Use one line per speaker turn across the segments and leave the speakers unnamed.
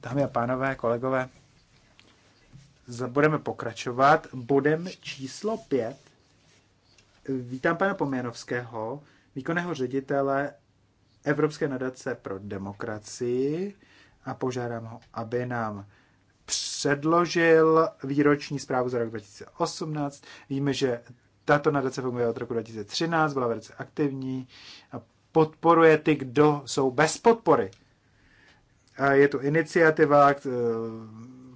Dámy a pánové, kolegové, budeme pokračovat bodem číslo 5. Vítám pana Poměnovského, výkonného ředitele Evropské nadace pro demokracii a požádám ho, aby nám předložil výroční zprávu za rok 2018. Víme, že tato nadace funguje od roku 2013, byla velice aktivní a podporuje ty, kdo jsou bez podpory. A je tu iniciativa, eh,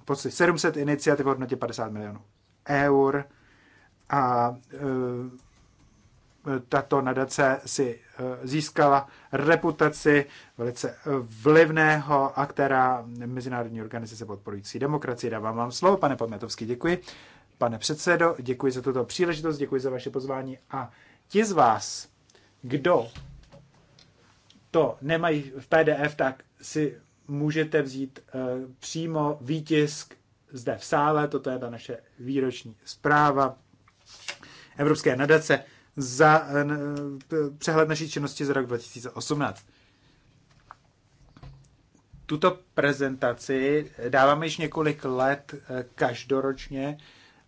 podstatě 700 iniciativ v hodnotě 50 milionů eur a eh, tato nadace si eh, získala reputaci velice vlivného aktéra Mezinárodní organizace podporující demokracii. Dávám vám slovo, pane Podmětovský. děkuji. Pane předsedo, děkuji za tuto příležitost, děkuji za vaše pozvání a ti z vás, kdo to nemají v PDF, tak si můžete vzít eh, přímo výtisk zde v sále, toto je ta naše výroční zpráva Evropské nadace za eh, přehled naší činnosti za rok 2018. Tuto prezentaci dáváme již několik let eh, každoročně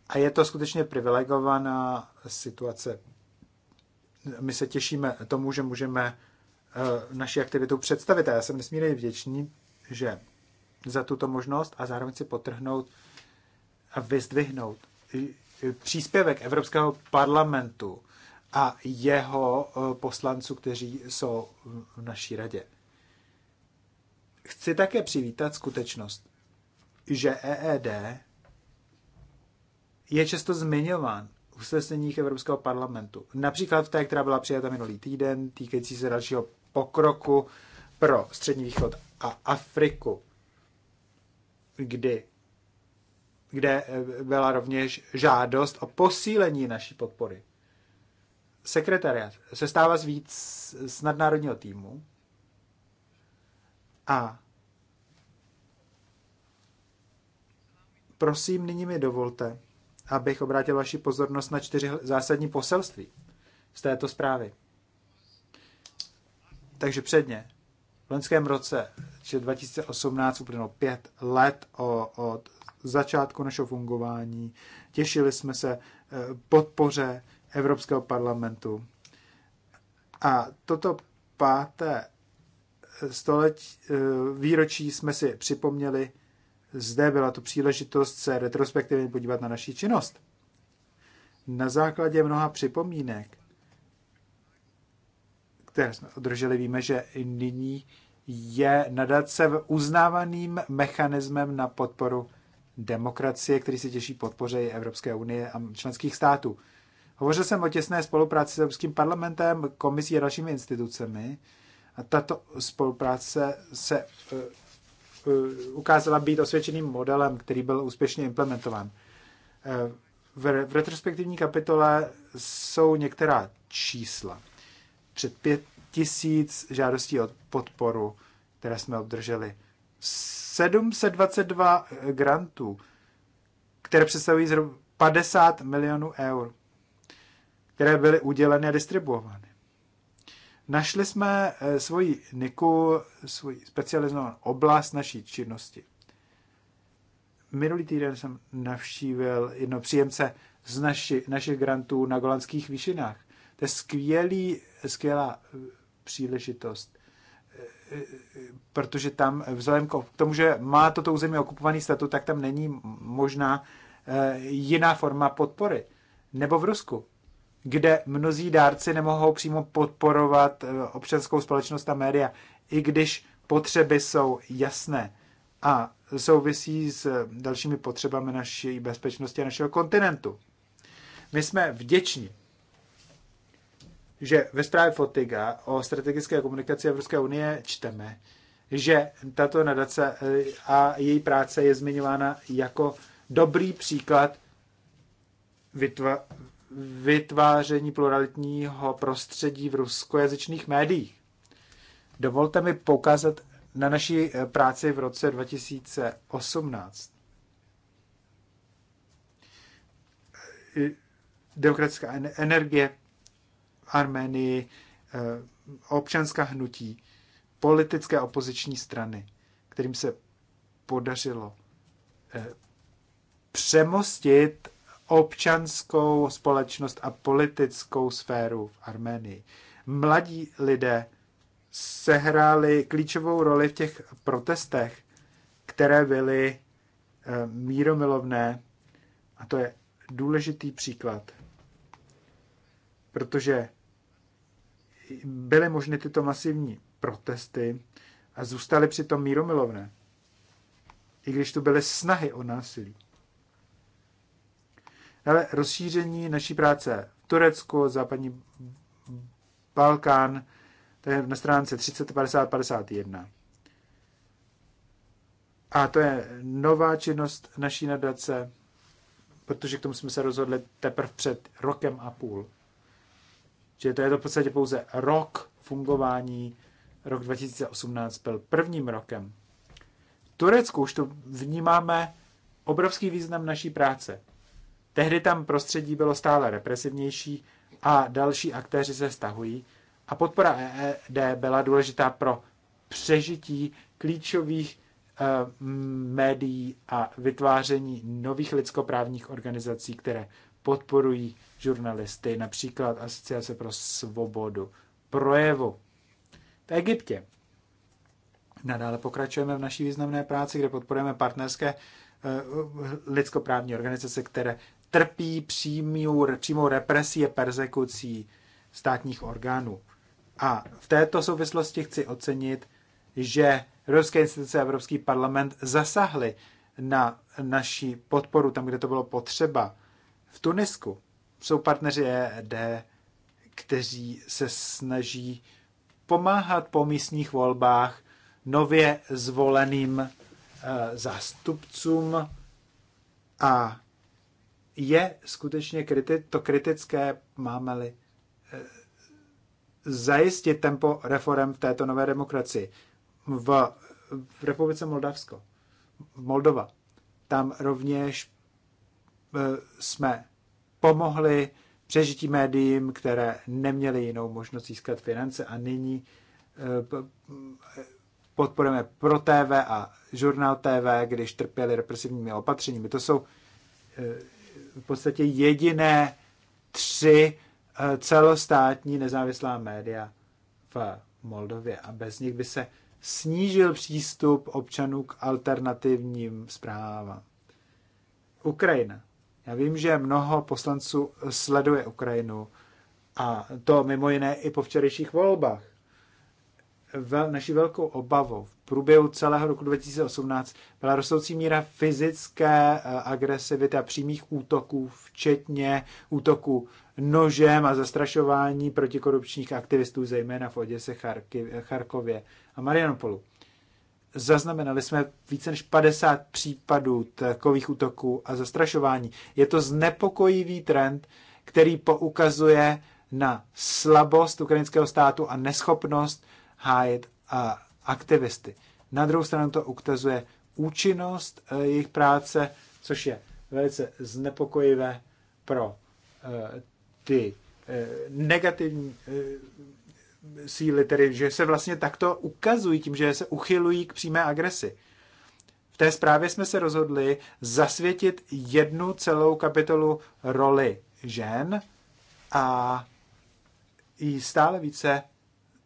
a je to skutečně privilegovaná situace. My se těšíme tomu, že můžeme Eh, naši aktivitu představit a Já jsem nesmírně vděčný, že za tuto možnost a zároveň si potrhnout a vyzdvihnout příspěvek Evropského parlamentu a jeho eh, poslanců, kteří jsou v naší radě. Chci také přivítat skutečnost, že EED je často zmiňován v usneseních Evropského parlamentu. Například v té, která byla přijata minulý týden, týkající se dalšího pokroku pro Střední východ a Afriku, kdy, kde eh, byla rovněž žádost o posílení naší podpory. Sekretariat se stává z víc z nadnárodního týmu a prosím, nyní mi dovolte, abych obrátil vaši pozornost na čtyři zásadní poselství z této zprávy. Takže předně, v loňském roce, 2018, uplynulo pět let od začátku našeho fungování. Těšili jsme se eh, podpoře Evropského parlamentu. A toto páté eh, století eh, výročí jsme si připomněli, zde byla tu příležitost se retrospektivně podívat na naší činnost. Na základě mnoha připomínek které jsme održeli, víme, že nyní je nadace uznávaným mechanismem na podporu demokracie, který se těší podpoře Evropské unie a členských států. Hovořil jsem o těsné spolupráci s Evropským parlamentem, komisí a dalšími institucemi a tato spolupráce se uh, uh, ukázala být osvědčeným modelem, který byl úspěšně implementován. Uh, v retrospektivní kapitole jsou některá čísla před pět tisíc žádostí o podporu, které jsme obdrželi. 722 eh, grantů, které představují zhruba 50 milionů eur, které byly uděleny a distribuovány. Našli jsme eh, svoji NIKu, svoji specializovanou oblast naší činnosti. Minulý týden jsem navštívil jedno příjemce z naši, našich grantů na Golanských výšinách. To je skvělý skvělá eh, příležitost, eh, eh, protože tam vzhledem k tomu, že má toto území okupovaný statut, tak tam není možná jiná forma podpory. Nebo v Rusku, kde mnozí dárci nemohou přímo podporovat občanskou společnost a média, i když potřeby jsou jasné a souvisí s dalšími potřebami naší bezpečnosti a našeho kontinentu. My jsme vděční že ve zprávě Fotiga o strategické komunikaci Evropské unie čteme, že tato nadace eh, a její práce je zmiňována jako dobrý příklad vytva- vytváření pluralitního prostředí v ruskojazyčných médiích. Dovolte mi poukázat na naší eh, práci v roce 2018. Eh, demokratická energie Arménii, eh, občanská hnutí, politické opoziční strany, kterým se podařilo eh, přemostit občanskou společnost a politickou sféru v Arménii. Mladí lidé sehráli klíčovou roli v těch protestech, které byly eh, míromilovné. A to je důležitý příklad protože byly možné tyto masivní protesty a zůstaly přitom míromilovné, i když tu byly snahy o násilí. Ale rozšíření naší práce v Turecku, západní Balkán, to je na stránce 30, 50, 51. A to je nová činnost naší nadace, protože k tomu jsme se rozhodli teprve před rokem a půl že to je to v podstatě pouze rok fungování. Rok 2018 byl prvním rokem. V Turecku už to vnímáme obrovský význam naší práce. Tehdy tam prostředí bylo stále represivnější a další aktéři se stahují a podpora EED byla důležitá pro přežití klíčových e, médií a vytváření nových lidskoprávních organizací, které podporují žurnalisty, například Asociace pro svobodu projevu. V Egyptě nadále pokračujeme v naší významné práci, kde podporujeme partnerské eh, lidskoprávní organizace, které trpí přímou, přímou represí a persekucí státních orgánů. A v této souvislosti chci ocenit, že Evropské instituce a Evropský parlament zasahly na naši podporu tam, kde to bylo potřeba. V Tunisku jsou partneři ED, kteří se snaží pomáhat po místních volbách nově zvoleným eh, zástupcům a je skutečně kriti- to kritické, máme-li eh, zajistit tempo reform v této nové demokracii. V, v Republice Moldavsko, Moldova, tam rovněž Eh, jsme pomohli přežití médiím, které neměly jinou možnost získat finance a nyní eh, eh, podporujeme pro TV a žurnál TV, když trpěli represivními opatřeními. To jsou v podstatě jediné tři celostátní nezávislá média v Moldově a bez nich by se snížil přístup občanů k alternativním zprávám. Ukrajina. Já vím, že mnoho poslanců sleduje Ukrajinu a to mimo jiné i po včerejších volbách. Vel, naší velkou obavou v průběhu celého roku 2018 byla rostoucí míra fyzické eh, agresivity a přímých útoků, včetně útoků nožem a zastrašování protikorupčních aktivistů, zejména v Oděse, Charkově a Marianopolu zaznamenali jsme více než 50 případů takových útoků a zastrašování. Je to znepokojivý trend, který poukazuje na slabost ukrajinského státu a neschopnost hájit a aktivisty. Na druhou stranu to ukazuje účinnost eh, jejich práce, což je velice znepokojivé pro eh, ty eh, negativní síly, tedy že se vlastně takto ukazují tím, že se uchylují k přímé agresi. V té zprávě jsme se rozhodli zasvětit jednu celou kapitolu roli žen a i stále více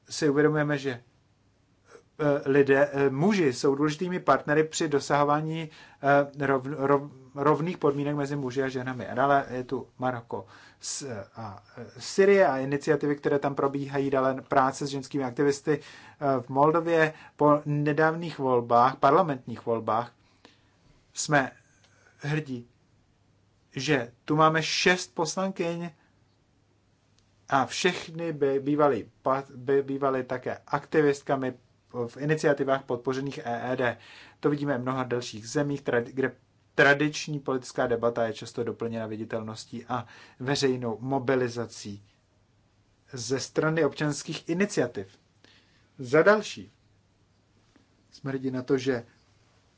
si uvědomujeme, že e, lidé, e, muži jsou důležitými partnery při dosahování e, rov, rov, rovných podmínek mezi muži a ženami. A dále je tu Maroko z a, Syrie a iniciativy, které tam probíhají, dále práce s ženskými aktivisty e, v Moldově. Po nedávných volbách, parlamentních volbách, jsme hrdí, že tu máme šest poslankyň a všechny by bývaly, by bývaly také aktivistkami v iniciativách podpořených EED. To vidíme v mnoha dalších zemích, kde tradiční politická debata je často doplněna viditelností a veřejnou mobilizací ze strany občanských iniciativ. Za další, jsme hrdí na to, že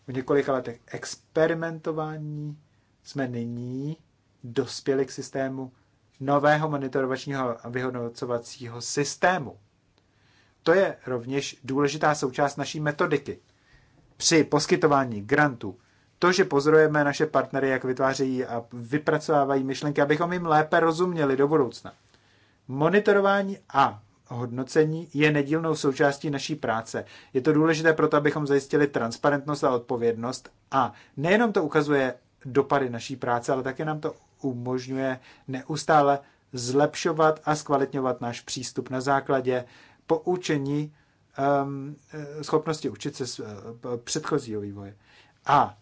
v několika letech experimentování jsme nyní dospěli k systému nového monitorovačního a vyhodnocovacího systému. To je rovněž důležitá součást naší metodiky. Při poskytování grantů to, že pozorujeme naše partnery, jak vytvářejí a vypracovávají myšlenky, abychom jim lépe rozuměli do budoucna. Monitorování a hodnocení je nedílnou součástí naší práce. Je to důležité proto, abychom zajistili transparentnost a odpovědnost a nejenom to ukazuje dopady naší práce, ale také nám to umožňuje neustále zlepšovat a zkvalitňovat náš přístup na základě poučení um, schopnosti učit se z uh, předchozího vývoje. A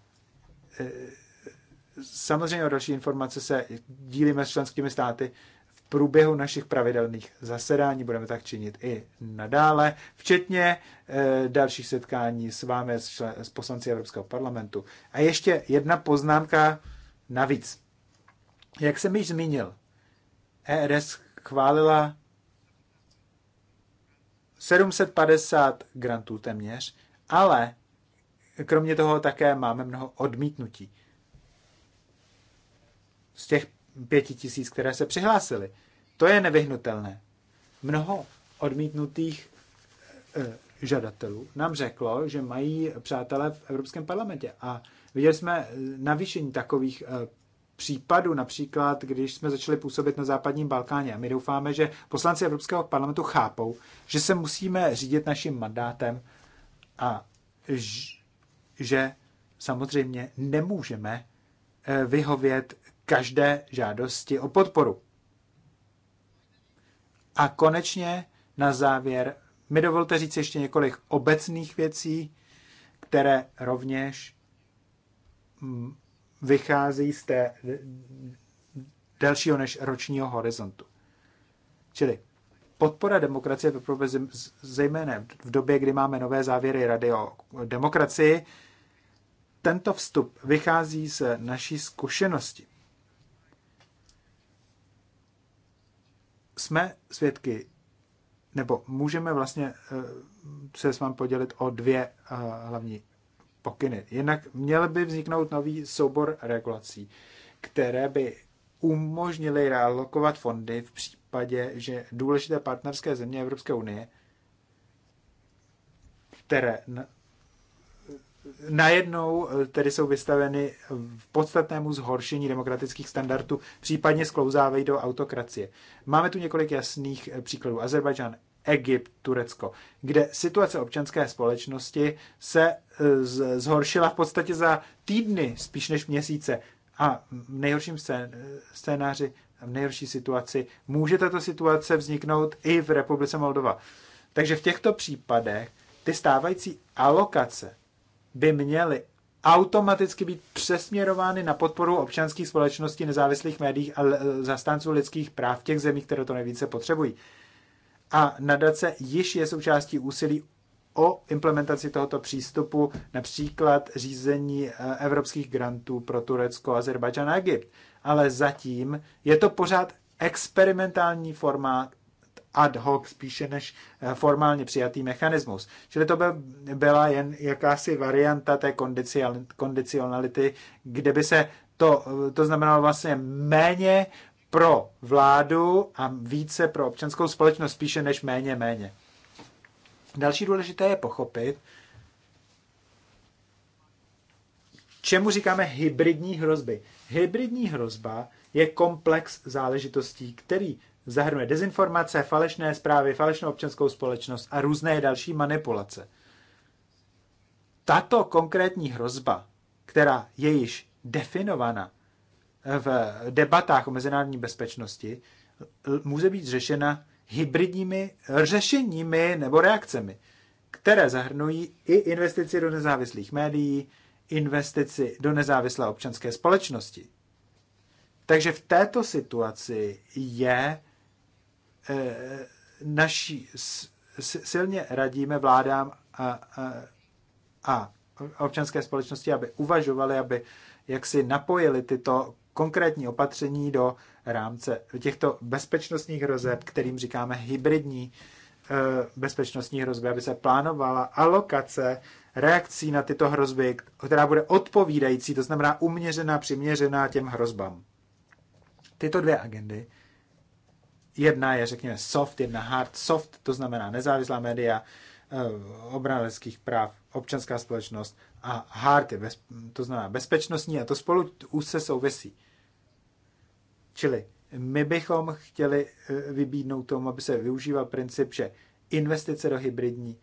samozřejmě o další informace se dílíme s členskými státy v průběhu našich pravidelných zasedání. Budeme tak činit i nadále, včetně eh, dalších setkání s vámi, s poslanci Evropského parlamentu. A ještě jedna poznámka navíc. Jak jsem již zmínil, ERS chválila 750 grantů téměř, ale kromě toho také máme mnoho odmítnutí. Z těch pěti tisíc, které se přihlásili, To je nevyhnutelné. Mnoho odmítnutých eh, žadatelů nám řeklo, že mají přátelé v Evropském parlamentě. A viděli jsme eh, navýšení takových eh, případů, například když jsme začali působit na západním Balkáně. A my doufáme, že poslanci Evropského parlamentu chápou, že se musíme řídit naším mandátem a že samozřejmě nemůžeme eh, vyhovět každé žádosti o podporu. A konečně na závěr mi dovolte říct ještě několik obecných věcí, které rovněž mm, vychází z té delšího než ročního horizontu. Čili podpora demokracie, zejména v době, kdy máme nové závěry Rady o demokracii, tento vstup vychází z naší zkušenosti. Jsme svědky, nebo můžeme vlastně eh, se s vámi podělit o dvě eh, hlavní pokyny. Jednak měl by vzniknout nový soubor regulací, které by umožnily realokovat fondy v případě, že důležité partnerské země Evropské unie, které najednou eh, tedy jsou vystaveny v podstatnému zhoršení demokratických standardů, případně sklouzávají do autokracie. Máme tu několik jasných eh, příkladů. Azerbajdžán, Egypt, Turecko, kde situace občanské společnosti se eh, zhoršila v podstatě za týdny, spíš než měsíce. A v nejhorším scénáři, v nejhorší situaci, může tato situace vzniknout i v Republice Moldova. Takže v těchto případech ty stávající alokace by měly automaticky být přesměrovány na podporu občanských společností, nezávislých médií a zastánců lidských práv v těch zemích, které to nejvíce potřebují. A nadace již je součástí úsilí o implementaci tohoto přístupu, například řízení e, evropských grantů pro Turecko, Azerbajdžan a Egypt. Ale zatím je to pořád experimentální formát ad hoc spíše než eh, formálně přijatý mechanismus. Čili to by byla jen jakási varianta té kondicionality, kde by se to, eh, to znamenalo vlastně méně pro vládu a více pro občanskou společnost, spíše než méně méně. Další důležité je pochopit, čemu říkáme hybridní hrozby. Hybridní hrozba je komplex záležitostí, který zahrnuje dezinformace, falešné zprávy, falešnou občanskou společnost a různé další manipulace. Tato konkrétní hrozba, která je již definovaná v debatách o mezinárodní bezpečnosti, může být řešena hybridními řešeními nebo reakcemi, které zahrnují i investici do nezávislých médií, investici do nezávislé občanské společnosti. Takže v této situaci je Eh, naší silně radíme vládám a, a, a občanské společnosti, aby uvažovali, aby jak si napojili tyto konkrétní opatření do rámce těchto bezpečnostních hrozeb, kterým říkáme hybridní eh, bezpečnostní hrozby, aby se plánovala alokace reakcí na tyto hrozby, která bude odpovídající, to znamená uměřená, přiměřená těm hrozbám. Tyto dvě agendy Jedna je, řekněme, soft, jedna hard. Soft, to znamená nezávislá média, eh, obrana lidských práv, občanská společnost a hard, je bez, to znamená bezpečnostní a to spolu se souvisí. Čili my bychom chtěli eh, vybídnout tomu, aby se využíval princip, že investice do hybridní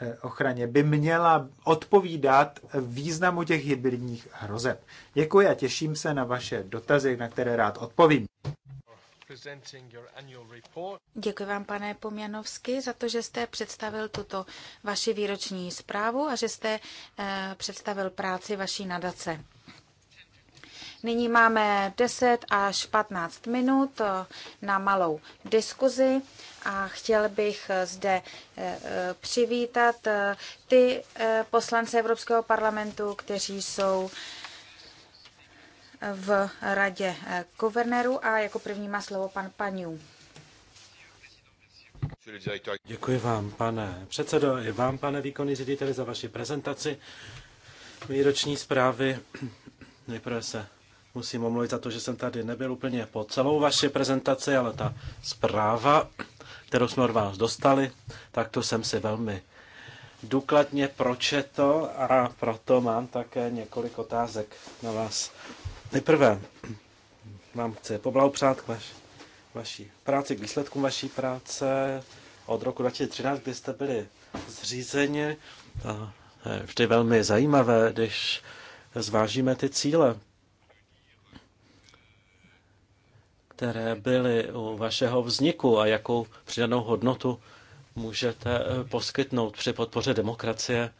eh, ochraně by měla odpovídat významu těch hybridních hrozeb. Děkuji a těším se na vaše dotazy, na které rád odpovím.
Děkuji vám, pane Pomjanovsky, za to, že jste představil tuto vaši výroční zprávu a že jste eh, představil práci vaší nadace. Nyní máme 10 až 15 minut eh, na malou diskuzi a chtěl bych eh, zde přivítat ty poslance Evropského parlamentu, kteří jsou v radě eh, guvernéru a jako první má slovo pan Paniu.
Děkuji vám, pane předsedo, i vám, pane výkonný řediteli, za vaši prezentaci výroční zprávy. Nejprve se musím omluvit za to, že jsem tady nebyl úplně po celou vaši prezentaci, ale ta zpráva, kterou jsme od vás dostali, tak to jsem si velmi důkladně pročetl a proto mám také několik otázek na vás. Nejprve vám chci poblahopřát k vaši, vaší práci, k výsledkům vaší práce od roku 2013, kdy jste byli zřízeni. A je vždy velmi zajímavé, když zvážíme ty cíle, které byly u vašeho vzniku a jakou přidanou hodnotu můžete eh, poskytnout při podpoře demokracie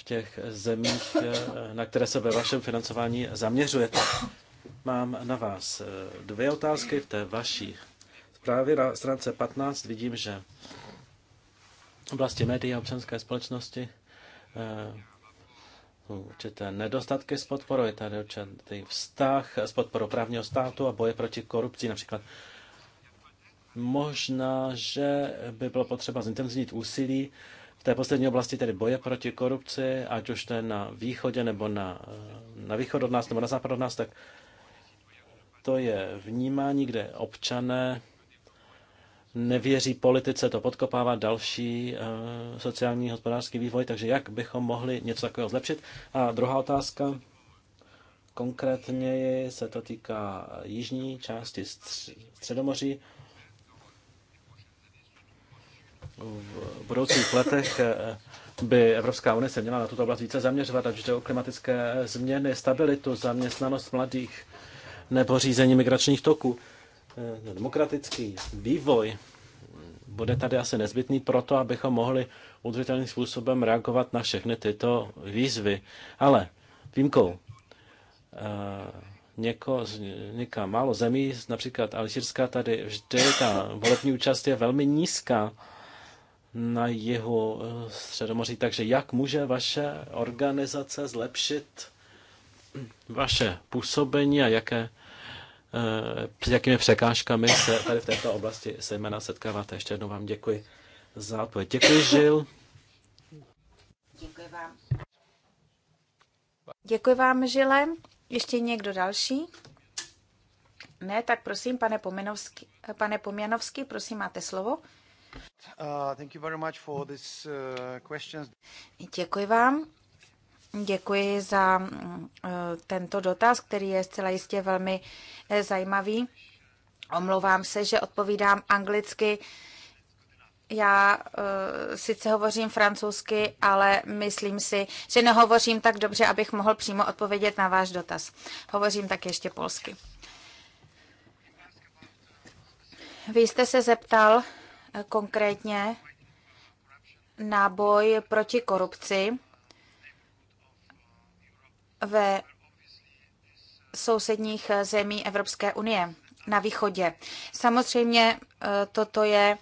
v těch zemích, eh, na které se ve vašem financování zaměřujete. Mám na vás eh, dvě otázky v té vaší zprávě. Na stránce 15 vidím, že v oblasti médií a občanské společnosti eh, určité nedostatky s podporou, je tady určitý vztah s podporou právního státu a boje proti korupci například. Možná, že by bylo potřeba zintenzivnit úsilí v té poslední oblasti tedy boje proti korupci, ať už to je na východě nebo na, na východ od nás nebo na západ od nás, tak to je vnímání, kde občané nevěří politice, to podkopává další eh, sociální hospodářský vývoj, takže jak bychom mohli něco takového zlepšit? A druhá otázka, konkrétně se to týká jižní části Středomoří v budoucích letech eh, by Evropská unie se měla na tuto oblast více zaměřovat, ať jde o klimatické změny, stabilitu, zaměstnanost mladých nebo řízení migračních toků. Eh, no, demokratický vývoj hm, bude tady asi nezbytný proto, abychom mohli udržitelným způsobem reagovat na všechny tyto výzvy. Ale výjimkou eh, něko, něka málo zemí, například Alžírska, tady vždy ta volební účast je velmi nízká na jihu eh, Středomoří. Takže jak může vaše organizace zlepšit vaše působení a jaké, s eh, jakými překážkami se tady v této oblasti se jména setkáváte? Ještě jednou vám děkuji za odpověď. Děkuji, Žil.
Děkuji vám. Děkuji vám, Žile. Ještě někdo další? Ne, tak prosím, pane Pomenovský, eh, pane Poměnovský, prosím, máte slovo. Uh, uh, Děkuji vám. Děkuji za mm, eh, tento dotaz, který je zcela jistě velmi eh, zajímavý. Omlouvám se, že odpovídám anglicky. Já uh, sice hovořím francouzsky, ale myslím si, že nehovořím tak dobře, abych mohl přímo odpovědět na váš dotaz. Hovořím tak ještě polsky. Vy jste se zeptal konkrétně na boj proti korupci ve sousedních zemí Evropské unie na východě. Samozřejmě e, toto je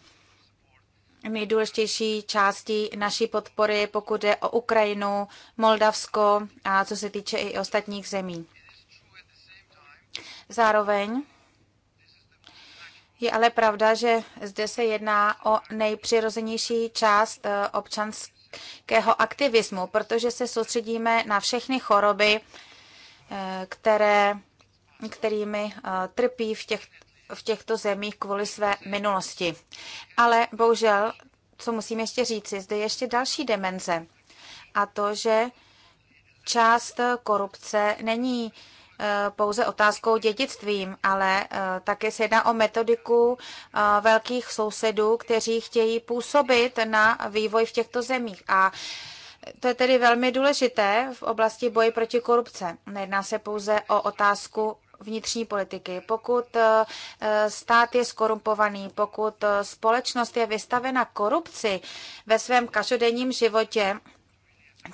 nejdůležitější částí naší podpory, pokud je o Ukrajinu, Moldavsko a co se týče i ostatních zemí. Zároveň je ale pravda, že zde se jedná o nejpřirozenější část eh, občanského aktivismu, protože se soustředíme na všechny choroby, eh, které, kterými eh, trpí v, těch, v těchto zemích kvůli své minulosti. Ale bohužel, co musím ještě říci, zde je ještě další demenze. A to, že část korupce není uh, Eh, pouze otázkou dědictvím, ale eh, také se jedná o metodiku eh, velkých sousedů, kteří chtějí působit na vývoj v těchto zemích. A to je tedy velmi důležité v oblasti boje proti korupce. Nejedná se pouze o otázku vnitřní politiky. Pokud stát je skorumpovaný, pokud společnost je vystavena korupci ve svém každodenním životě,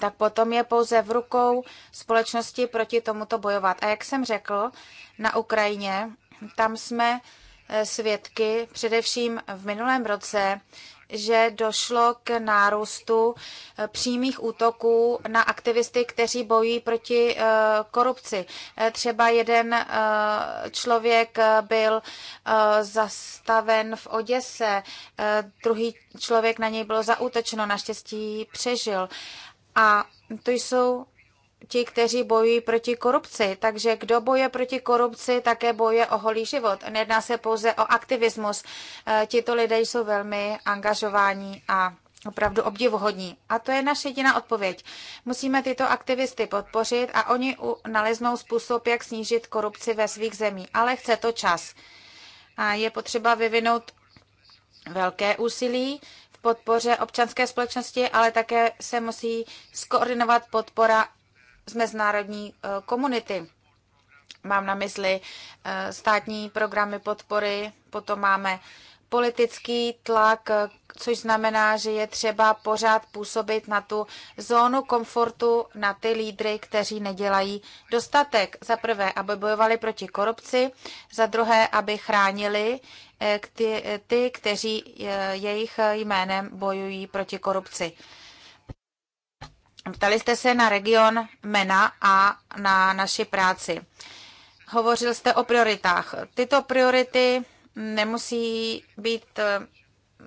tak potom je pouze v rukou společnosti proti tomuto bojovat. A jak jsem řekl, na Ukrajině, tam jsme eh, svědky, především v minulém roce, že došlo k nárůstu eh, přímých útoků na aktivisty, kteří bojují proti eh, korupci. Třeba jeden člověk byl zastaven v Oděse, druhý člověk na něj bylo zaútočeno, naštěstí přežil. A to jsou ti, kteří bojují proti korupci. Takže kdo boje proti korupci, také boje o holý život. Nejedná se pouze o aktivismus. E, tito lidé jsou velmi angažováni a opravdu obdivuhodní. A to je naše jediná odpověď. Musíme tyto aktivisty podpořit a oni naleznou způsob, jak snížit korupci ve svých zemích. Ale chce to čas. A je potřeba vyvinout velké úsilí podpoře občanské společnosti, ale také se musí skoordinovat podpora z mezinárodní eh, komunity. Mám na mysli eh, státní programy podpory, potom máme politický tlak, což znamená, že je třeba pořád působit na tu zónu komfortu, na ty lídry, kteří nedělají dostatek. Za prvé, aby bojovali proti korupci, za druhé, aby chránili eh, ty, ty kteří eh, jejich jménem bojují proti korupci. Ptali jste se na region MENA a na naši práci. Hovořil jste o prioritách. Tyto priority nemusí být eh,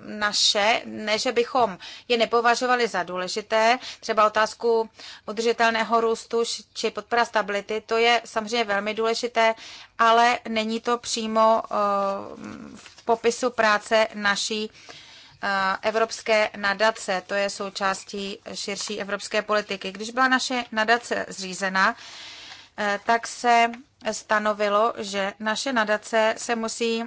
naše, ne, že bychom je nepovažovali za důležité, třeba otázku udržitelného růstu či podpora stability, to je samozřejmě velmi důležité, ale není to přímo eh, v popisu práce naší eh, Evropské nadace, to je součástí širší evropské politiky. Když byla naše nadace zřízena, tak se stanovilo, že naše nadace se musí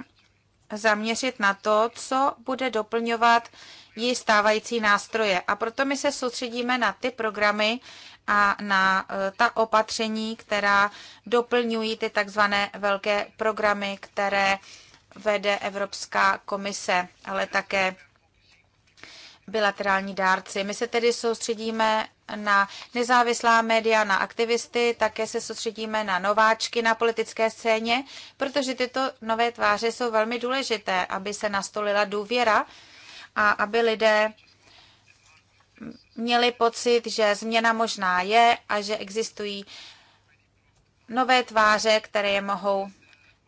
zaměřit na to, co bude doplňovat ji stávající nástroje. A proto my se soustředíme na ty programy a na e, ta opatření, která doplňují ty takzvané velké programy, které vede Evropská komise, ale také bilaterální dárci. My se tedy soustředíme na nezávislá média, na aktivisty, také se soustředíme na nováčky na politické scéně, protože tyto nové tváře jsou velmi důležité, aby se nastolila důvěra a aby lidé měli pocit, že změna možná je a že existují nové tváře, které je mohou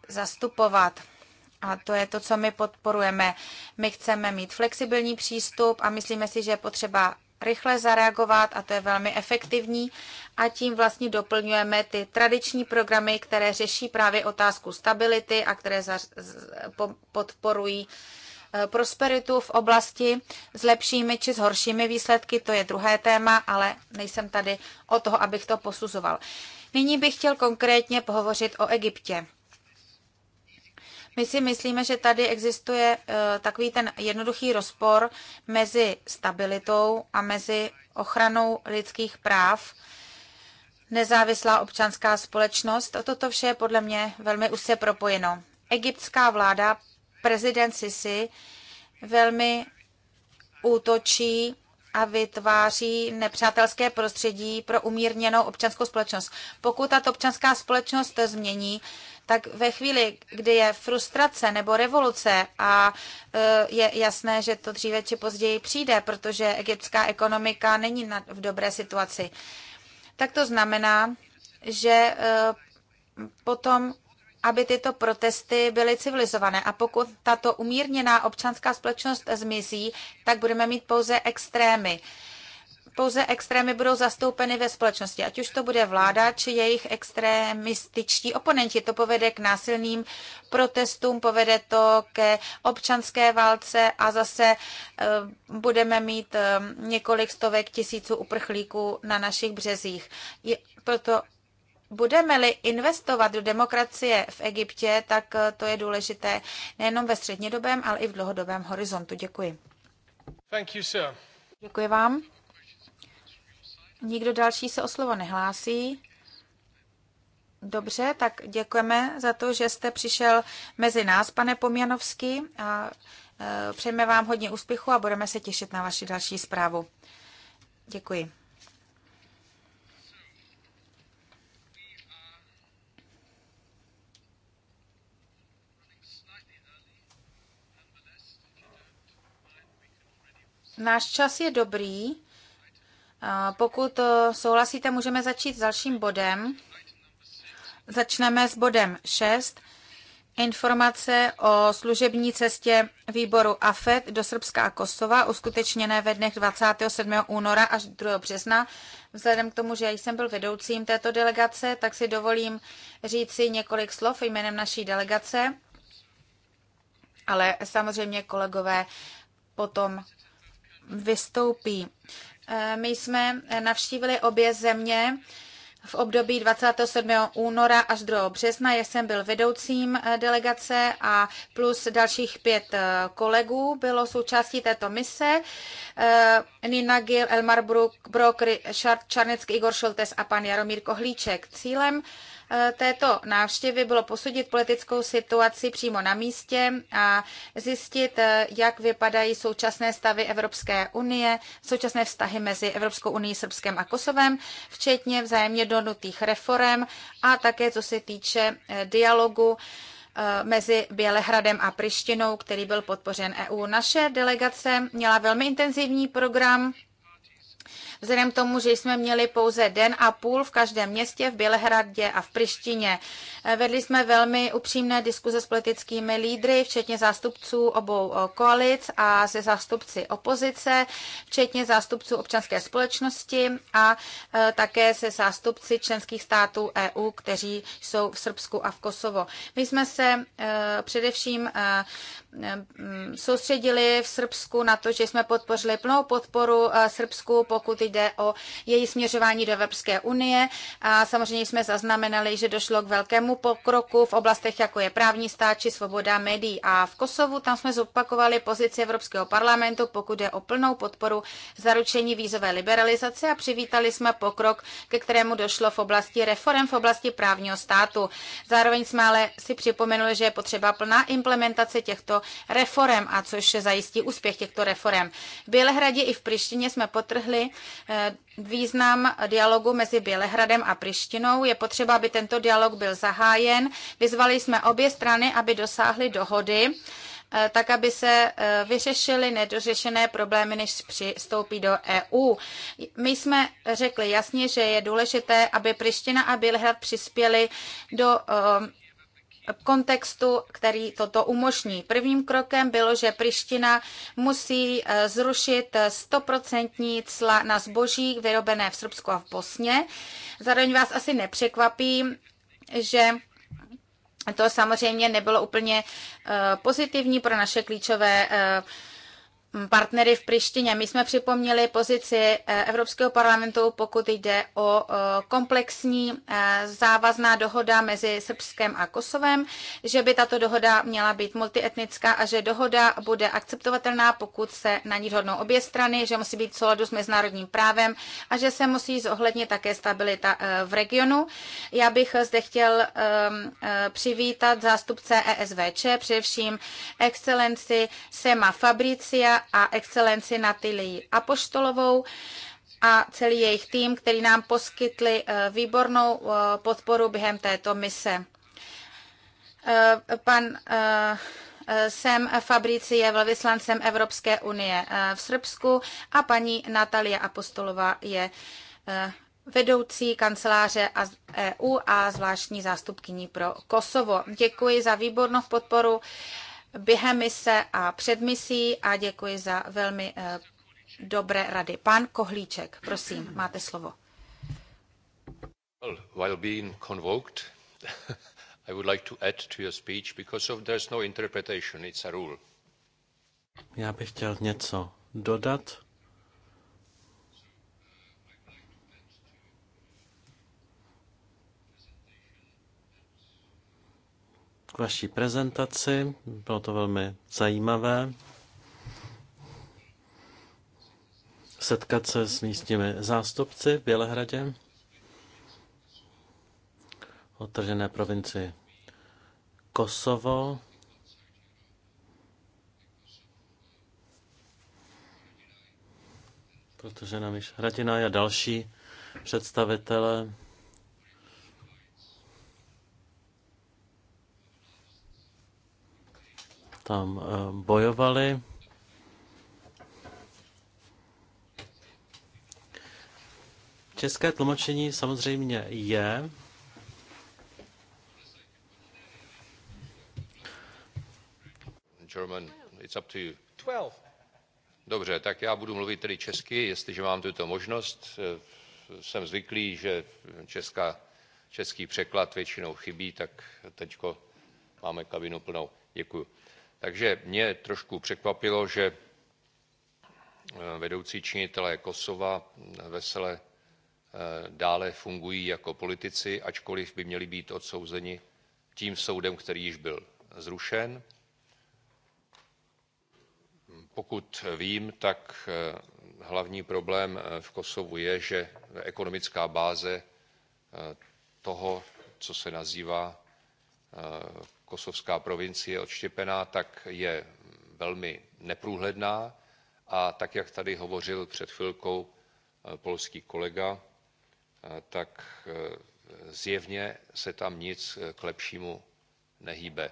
zastupovat. A to je to, co my podporujeme. My chceme mít flexibilní přístup a myslíme si, že je potřeba rychle zareagovat a to je velmi efektivní a tím vlastně doplňujeme ty tradiční programy, které řeší právě otázku stability a které podporují eh, prosperitu v oblasti s lepšími či s horšími výsledky, to je druhé téma, ale nejsem tady o toho, abych to posuzoval. Nyní bych chtěl konkrétně pohovořit o Egyptě. My si myslíme, že tady existuje eh, takový ten jednoduchý rozpor mezi stabilitou a mezi ochranou lidských práv nezávislá občanská společnost. Toto vše je podle mě velmi úzce propojeno. Egyptská vláda, prezident Sisi, velmi útočí a vytváří nepřátelské prostředí pro umírněnou občanskou společnost. Pokud tato občanská společnost změní tak ve chvíli, kdy je frustrace nebo revoluce a e, je jasné, že to dříve či později přijde, protože egyptská ekonomika není v dobré situaci, tak to znamená, že e, potom aby tyto protesty byly civilizované. A pokud tato umírněná občanská společnost zmizí, tak budeme mít pouze extrémy pouze extrémy budou zastoupeny ve společnosti, ať už to bude vláda či jejich extremističtí oponenti. To povede k násilným protestům, povede to ke občanské válce a zase eh, budeme mít eh, několik stovek tisíců uprchlíků na našich březích. Je, proto budeme-li investovat do demokracie v Egyptě, tak eh, to je důležité nejenom ve střednědobém, ale i v dlouhodobém horizontu. Děkuji.
Thank you, sir.
Děkuji vám. Nikdo další se o slovo nehlásí. Dobře, tak děkujeme za to, že jste přišel mezi nás, pane Pomjanovský, a e, přejeme vám hodně úspěchu a budeme se těšit na vaši další zprávu. Děkuji. Náš čas je dobrý, pokud eh, souhlasíte, můžeme začít s dalším bodem. Začneme s bodem 6. Informace o služební cestě výboru AFED do Srbska Kosova, uskutečněné ve dnech 27. února až 2. března. Vzhledem k tomu, že jsem byl vedoucím této delegace, tak si dovolím si několik slov jménem naší delegace, ale samozřejmě kolegové potom vystoupí. Eh, my jsme eh, navštívili obě země v období 27. února až 2. března. Já jsem byl vedoucím eh, delegace a plus dalších pět kolegů bylo součástí této mise. Nina Gil, Elmar Brok, Richard Čarnecký, Igor Šoltes a pan Jaromír Kohlíček. Cílem Eh, této návštěvy bylo posudit politickou situaci přímo na místě a zjistit, eh, jak vypadají současné stavy Evropské unie, současné vztahy mezi Evropskou unii, Srbskem a Kosovem, včetně vzájemně donutých reform a také co se týče eh, dialogu mezi Bělehradem a Prištinou, který byl podpořen EU. Naše delegace měla velmi intenzivní program Vzhledem k tomu, že jsme měli pouze den a půl v každém městě, v Bělehradě a v Prištině. Vedli jsme velmi upřímné diskuze s politickými lídry, včetně zástupců obou koalic a se zástupci opozice, včetně zástupců občanské společnosti a e, také se zástupci členských států EU, kteří jsou v Srbsku a v Kosovo. My jsme se e, především e, soustředili v Srbsku na to, že jsme podpořili plnou podporu eh, Srbsku, pokud jde o její směřování do Evropské unie. A samozřejmě jsme zaznamenali, že došlo k velkému pokroku v oblastech, jako je právní stát či svoboda médií. A v Kosovu tam jsme zopakovali pozici Evropského parlamentu, pokud jde o plnou podporu zaručení vízové liberalizace a přivítali jsme pokrok, ke kterému došlo v oblasti reform v oblasti právního státu. Zároveň jsme ale si připomenuli, že je potřeba plná implementace těchto reform a což zajistí úspěch těchto reform. V Bělehradě i v Prištině jsme potrhli eh, význam dialogu mezi Bělehradem a Prištinou. Je potřeba, aby tento dialog byl zahájen. Vyzvali jsme obě strany, aby dosáhly dohody eh, tak aby se eh, vyřešily nedořešené problémy, než přistoupí do EU. My jsme řekli jasně, že je důležité, aby Priština a Bělehrad přispěli do kontextu, který toto umožní. Prvním krokem bylo, že Priština musí eh, zrušit 100% eh, cla na zboží vyrobené v Srbsku a v Bosně. Zároveň vás asi nepřekvapí, že to samozřejmě nebylo úplně eh, pozitivní pro naše klíčové Mm, partnery v Prištině. My jsme připomněli pozici eh, Evropského parlamentu, pokud jde o eh, komplexní eh, závazná dohoda mezi Srbskem a Kosovem, že by tato dohoda měla být multietnická a že dohoda bude akceptovatelná, pokud se na ní hodnou obě strany, že musí být v souladu s mezinárodním právem a že se musí zohlednit také stabilita v regionu. Já bych zde chtěl ehm, přivítat zástupce ESVČ, především excelenci Sema Fabricia a excelenci Natilii Apoštolovou a celý jejich tým, který nám poskytli eh, výbornou eh, podporu během této mise. Eh, pan Sem Fabrici je velvyslancem Evropské unie v Srbsku a paní Natalia Apostolová je vedoucí kanceláře EU a zvláštní zástupkyní pro Kosovo. Děkuji za výbornou podporu během mise a před misí a děkuji za velmi eh, dobré rady. Pan Kohlíček, prosím, máte slovo.
Well, while being convoked, I would like to add to your speech because of there's no interpretation, it's a rule.
Já bych chtěl něco dodat. k vaší prezentaci. Bylo to velmi zajímavé setkat se s místními zástupci v Bělehradě otržené provinci Kosovo. Protože nám již Hradina a další představitele tam eh, bojovali. České tlumočení samozřejmě je.
German, it's up to you. 12. Dobře, tak já budu mluvit tedy česky, jestliže mám tuto možnost. Eh, jsem zvyklý, že česká, český překlad většinou chybí, tak teďko máme kabinu plnou. Děkuji. Takže mě trošku překvapilo, že eh, vedoucí činitelé Kosova vesele eh, dále fungují jako politici, ačkoliv by měli být odsouzeni tím soudem, který již byl zrušen. Pokud vím, tak eh, hlavní problém v Kosovu je, že ekonomická báze toho, co se nazývá kosovská provincie odštěpená, tak je velmi neprůhledná a tak, jak tady hovořil před chvilkou eh, polský kolega, eh, tak eh, zjevně se tam nic k lepšímu nehýbe.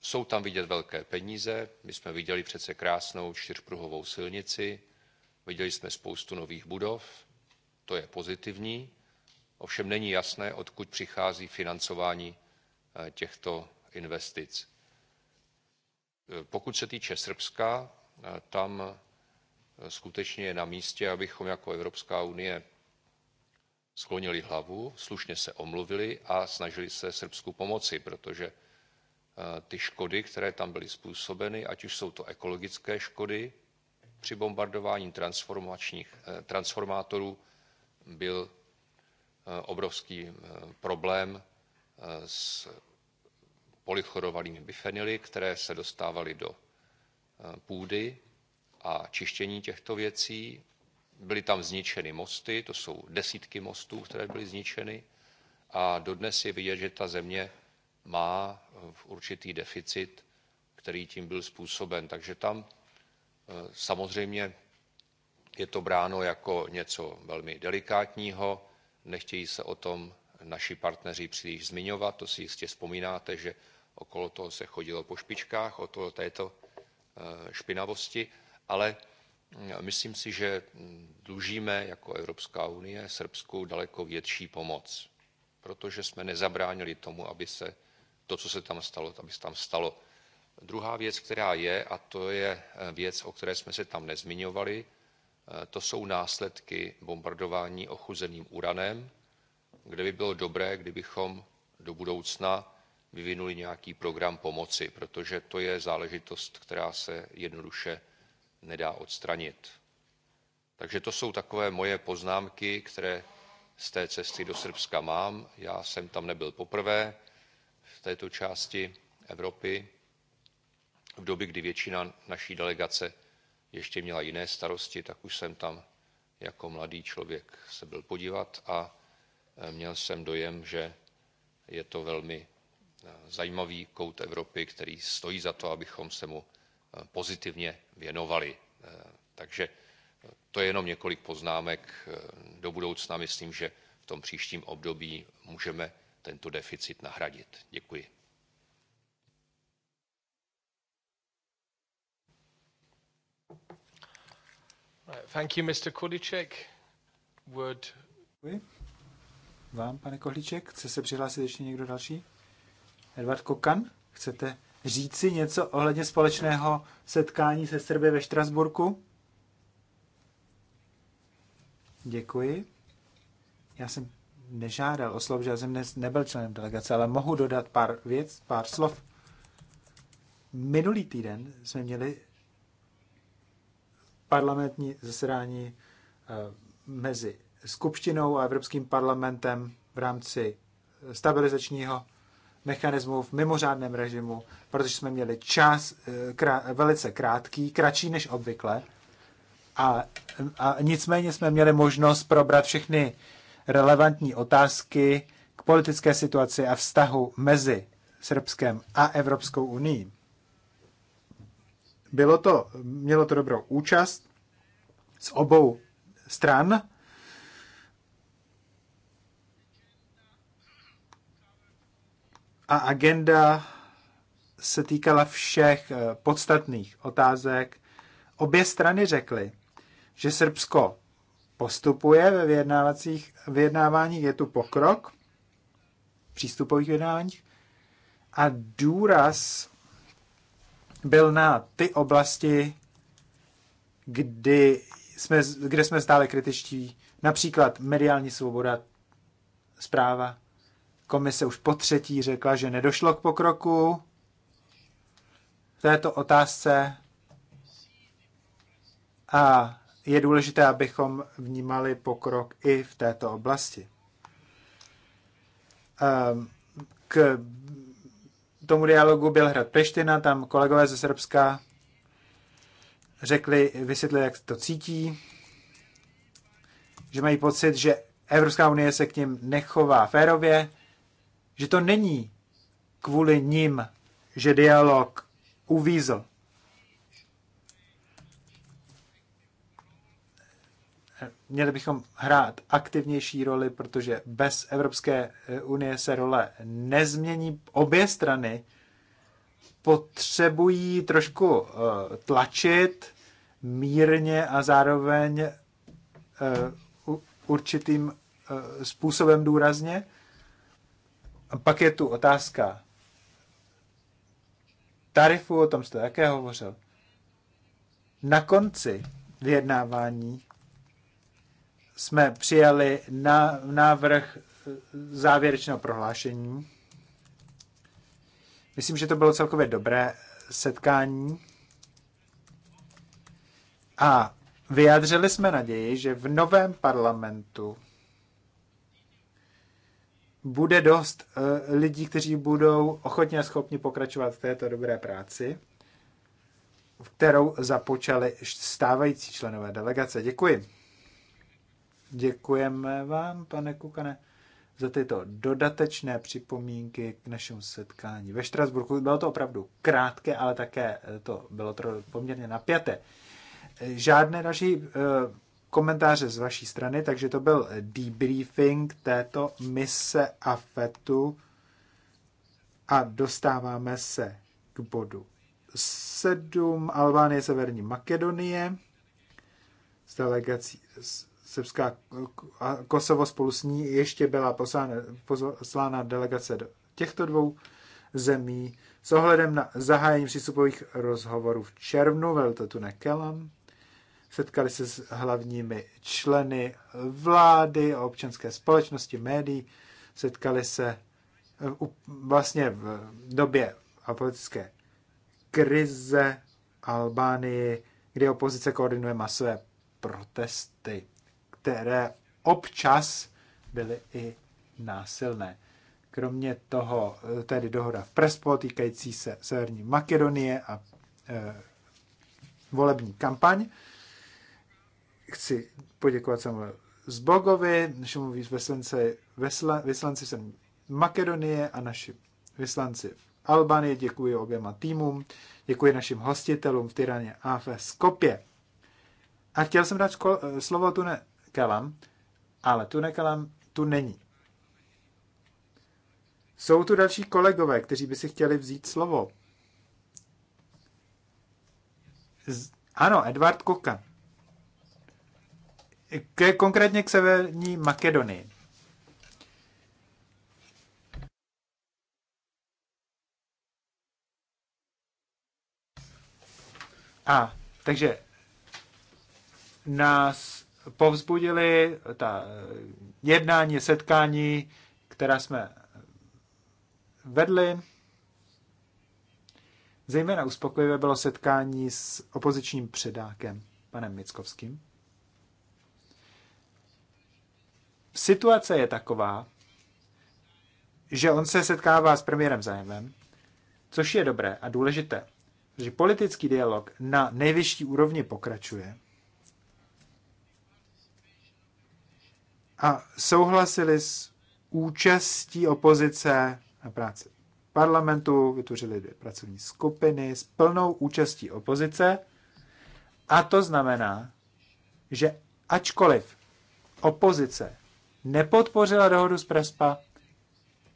Jsou tam vidět velké peníze, my jsme viděli přece krásnou čtyřpruhovou silnici, viděli jsme spoustu nových budov, to je pozitivní, ovšem není jasné, odkud přichází financování Eh, těchto investic. Eh, pokud se týče Srbska, eh, tam skutečně je na místě, abychom jako Evropská unie sklonili hlavu, slušně se omluvili a snažili se Srbsku pomoci, protože ty škody, které tam byly způsobeny, ať už jsou to ekologické škody, při bombardování transformačních, transformátorů byl obrovský problém s polychlorovanými bifenyly, které se dostávaly do eh, půdy a čištění těchto věcí. Byly tam zničeny mosty, to jsou desítky mostů, které byly zničeny a dodnes je vidět, že ta země má eh, určitý deficit, který tím byl způsoben. Takže tam eh, samozřejmě je to bráno jako něco velmi delikátního, nechtějí se o tom naši partneři příliš zmiňovat. To si jistě vzpomínáte, že okolo toho se chodilo po špičkách, okolo této eh, špinavosti, ale mm, myslím si, že mm, dlužíme jako Evropská unie Srbsku daleko větší pomoc, protože jsme nezabránili tomu, aby se to, co se tam stalo, aby se tam stalo. Druhá věc, která je, a to je eh, věc, o které jsme se tam nezmiňovali, eh, to jsou následky bombardování ochuzeným uranem, kde by bylo dobré, kdybychom do budoucna vyvinuli nějaký program pomoci, protože to je záležitost, která se jednoduše nedá odstranit. Takže to jsou takové moje poznámky, které z té cesty do Srbska mám. Já jsem tam nebyl poprvé v této části Evropy, v době, kdy většina naší delegace ještě měla jiné starosti, tak už jsem tam jako mladý člověk se byl podívat a Eh, měl jsem dojem, že je to velmi eh, zajímavý kout Evropy, který stojí za to, abychom se mu eh, pozitivně věnovali. Takže to je jenom několik poznámek do budoucna. Myslím, že v tom příštím období můžeme tento deficit nahradit. Děkuji. thank you, Mr. Kudicek. Would
vám, pane Kohlíček. Chce se přihlásit ještě někdo další? Edvard Kokan, chcete říci něco ohledně společného setkání se Srby ve Štrasburku? Děkuji. Já jsem nežádal o slovo, že já jsem nebyl členem delegace, ale mohu dodat pár věc, pár slov. Minulý týden jsme měli parlamentní zasedání eh, mezi skupštinou a Evropským parlamentem v rámci stabilizačního mechanismu v mimořádném režimu, protože jsme měli čas eh, krá, velice krátký, kratší než obvykle. A, a nicméně jsme měli možnost probrat všechny relevantní otázky k politické situaci a vztahu mezi Srbskem a Evropskou unii. Bylo to, mělo to dobrou účast z obou stran a agenda se týkala všech eh, podstatných otázek. Obě strany řekly, že Srbsko postupuje ve vyjednávacích vyjednáváních, je tu pokrok v přístupových vyjednáváních a důraz byl na ty oblasti, kdy jsme, kde jsme stále kritičtí, například mediální svoboda, zpráva, Komise už po třetí řekla, že nedošlo k pokroku v této otázce a je důležité, abychom vnímali pokrok i v této oblasti. Ehm, k tomu dialogu byl hrad Peština, tam kolegové ze Srbska řekli, vysvětlili, jak to cítí, že mají pocit, že Evropská unie se k ním nechová férově že to není kvůli ním, že dialog uvízl. Měli bychom hrát aktivnější roli, protože bez Evropské eh, unie se role nezmění. Obě strany potřebují trošku eh, tlačit mírně a zároveň eh, určitým způsobem důrazně a pak je tu otázka tarifu, o tom jste také hovořil. Na konci vyjednávání jsme přijali na návrh závěrečného prohlášení. Myslím, že to bylo celkově dobré setkání. A vyjádřili jsme naději, že v novém parlamentu bude dost eh, lidí, kteří budou ochotně a schopni pokračovat v této dobré práci, kterou započali stávající členové delegace. Děkuji. Děkujeme vám, pane Kukane, za tyto dodatečné připomínky k našemu setkání ve Štrasburku. Bylo to opravdu krátké, ale také to bylo to poměrně napjaté. Žádné další eh, komentáře z vaší strany, takže to byl debriefing této mise AFETu a dostáváme se k bodu 7 Albánie, Severní Makedonie s delegací Srbská a Kosovo spolu s ní ještě byla poslána, poslána delegace do těchto dvou zemí s ohledem na zahájení přístupových rozhovorů v červnu, velil to tu Nekelan setkali se s hlavními členy vlády, občanské společnosti, médií, setkali se eh, vlastně v době politické krize Albánii, kdy opozice koordinuje masové protesty, které občas byly i násilné. Kromě toho eh, tedy dohoda v Prespo týkající se Severní Makedonie a e, volební kampaň chci poděkovat Samuel Zbogovi, našemu vyslanci, vyslanci jsem Makedonie a našim vyslanci v Albanii. Děkuji oběma týmům, děkuji našim hostitelům v Tyraně a v Skopě. A chtěl jsem dát slovo Tune Kalam, ale Tune Kalam tu není. Jsou tu další kolegové, kteří by si chtěli vzít slovo. Z- ano, Edward Kokan. K, konkrétně k Severní Makedonii. A takže nás povzbudili ta eh, jednání, setkání, která jsme vedli. Zejména uspokojivé bylo setkání s opozičním předákem, panem Mickovským. situace je taková, že on se setkává s premiérem Zájemem, což je dobré a důležité, že politický dialog na nejvyšší úrovni pokračuje. A souhlasili s účastí opozice na práci parlamentu, vytvořili dvě pracovní skupiny s plnou účastí opozice. A to znamená, že ačkoliv opozice nepodpořila dohodu z Prespa,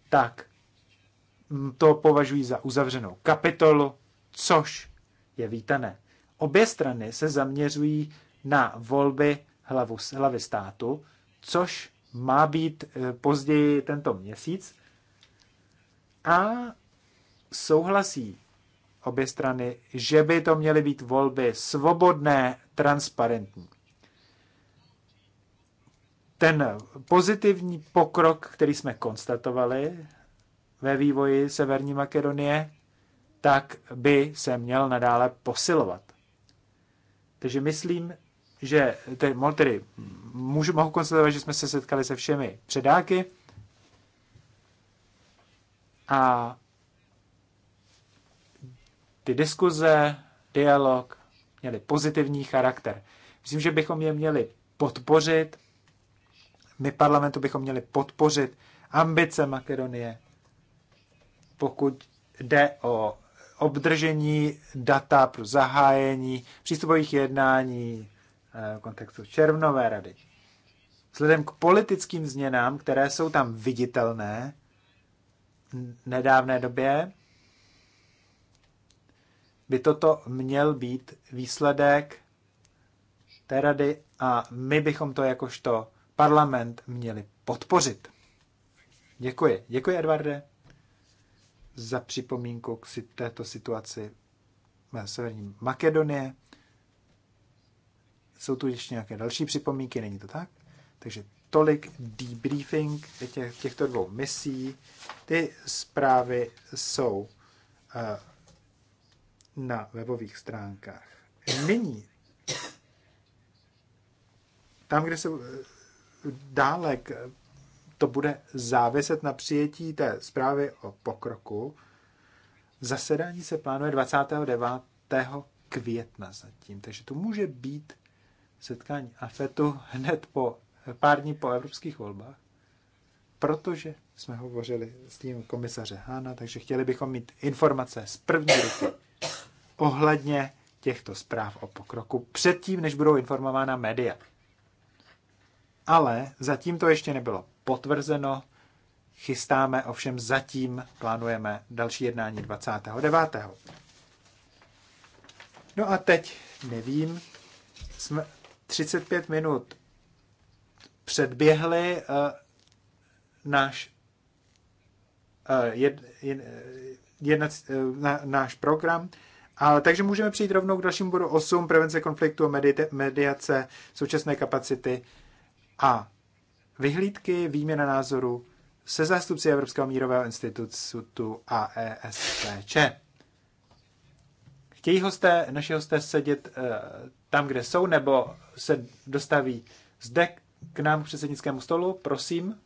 tak mm, to považují za uzavřenou kapitolu, což je vítané. Obě strany se zaměřují na volby hlavu, hlavy státu, což má být eh, později tento měsíc. A souhlasí obě strany, že by to měly být volby svobodné, transparentní ten pozitivní pokrok, který jsme konstatovali ve vývoji Severní Makedonie, tak by se měl nadále posilovat. Takže myslím, že tedy, tedy můžu, mohu konstatovat, že jsme se setkali se všemi předáky a ty diskuze, dialog měly pozitivní charakter. Myslím, že bychom je měli podpořit my parlamentu bychom měli podpořit ambice Makedonie, pokud jde o obdržení data pro zahájení přístupových jednání eh, v kontextu červnové rady. Vzhledem k politickým změnám, které jsou tam viditelné v nedávné době, by toto měl být výsledek té rady a my bychom to jakožto parlament měli podpořit. Děkuji. Děkuji, Edvarde, za připomínku k této situaci na Severní Makedonie. Jsou tu ještě nějaké další připomínky, není to tak? Takže tolik debriefing těch, těchto dvou misí. Ty zprávy jsou uh, na webových stránkách. Nyní, tam, kde se dále to bude záviset na přijetí té zprávy o pokroku. Zasedání se plánuje 29. května zatím, takže to může být setkání AFETu hned po pár dní po evropských volbách, protože jsme hovořili s tím komisaře Hána, takže chtěli bychom mít informace z první ruky ohledně těchto zpráv o pokroku předtím, než budou informována média ale zatím to ještě nebylo potvrzeno. Chystáme, ovšem zatím plánujeme další jednání 29. No a teď nevím, jsme 35 minut předběhli uh, náš uh, jed, jed, jedna, eh, na, náš program. A, takže můžeme přijít rovnou k dalšímu bodu 8, prevence konfliktu a medite, mediace, současné kapacity a vyhlídky, výměna názoru se zástupci Evropského mírového institutu a ESVČ. Chtějí hosté, naši hosté sedět uh, tam, kde jsou, nebo se dostaví zde k nám k předsednickému stolu? Prosím.